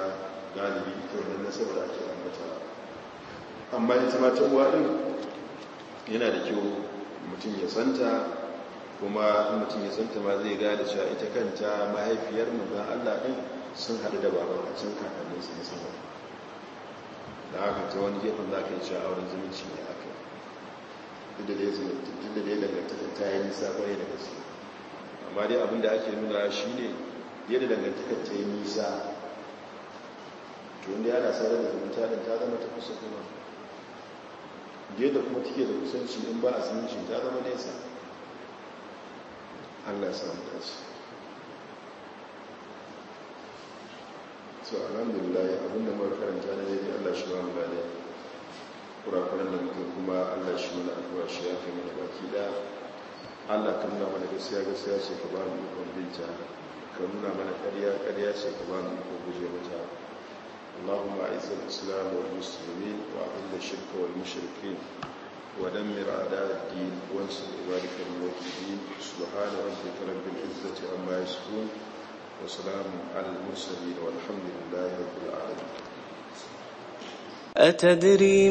galibi ita wannan nasarar da ake ambata amma ita ma ta uwa din yana da kyau mutum ya santa kuma mutum ya santa ma zai gada cewa ita kanta mahaifiyar manzan Allah ɗin sun haɗu da baban a can kakanninsu na sama da haka ta wani gefen za ka yi cewa auren zumunci ne kai da da ya zumunta da da ya dangantaka ta yi nisa kwarai da gaske amma dai abinda ake nuna shi ne yadda dangantaka ta yi nisa to inda yana sarar da zumunta da ta zama ta kusa kuma yadda kuma take da kusanci in ba a zumunci ta zama nesa allah samu dace so alhamdulillah abinda muka karanta na daidai Allah shi ba mu gane kurakuran da muke kuma allah shi mana abuwa shi ya fi mana baki da allah ka nuna mana gasya gaskiya ce ka ba mu ikon binta ka nuna mana karya karya ce ka ba mu ikon guje mata اللهم أعز الإسلام والمسلمين وأذل الشرك والمشركين ودمر أعداء الدين وانصر عبادك الموحدين سبحان ربك رب العزة عما يصفون وسلام على المرسلين والحمد لله رب العالمين أتدري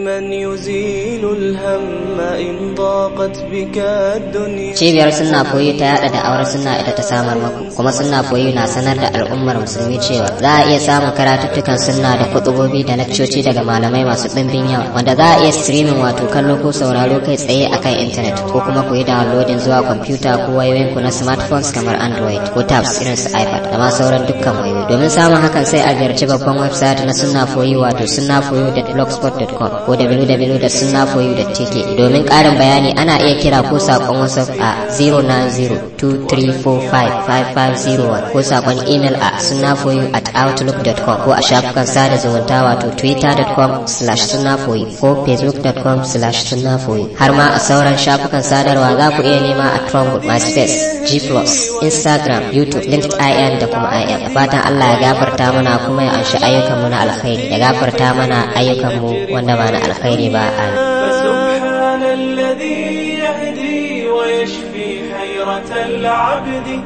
cibiyar suna koyi ta yada da auren suna ita ta samar maku kuma sunna koyi na sanar da al'ummar musulmi cewa za a iya samun karatuttukan sunna da kutsubobi da lakcoci daga malamai masu ɗimbin yawa wanda za a iya streaming wato kallo ko sauraro kai tsaye akan intanet ko kuma kuyi da downloading zuwa kwamfuta ko wayoyin ku na smartphones kamar android ko tabs irin su ipad da ma sauran dukkan wayoyi domin samun hakan sai a ziyarci babban website na sunna koyi wato sunna koyi blogspot.com ko www.sunnafoyu.tk domin ƙarin bayani ana iya kira ko saƙon WhatsApp a 5501 ko saƙon email a sunnafoyu at outlook.com ko a shafukan sada zumunta wato twitter.com slash sunnafoyu ko facebook.com slash sunnafoyu har ma a sauran shafukan sadarwa za ku iya nema a trumpet MySpace, G+, plus Instagram, YouTube, LinkedIn da kuma IM. Fatan Allah ya gafarta mana kuma ya anshi ayyukanmu na alkhairi ya gafarta mana ayyukan وانما انا على خير ما فسبحان الذي يهدي ويشفي حيرة العبد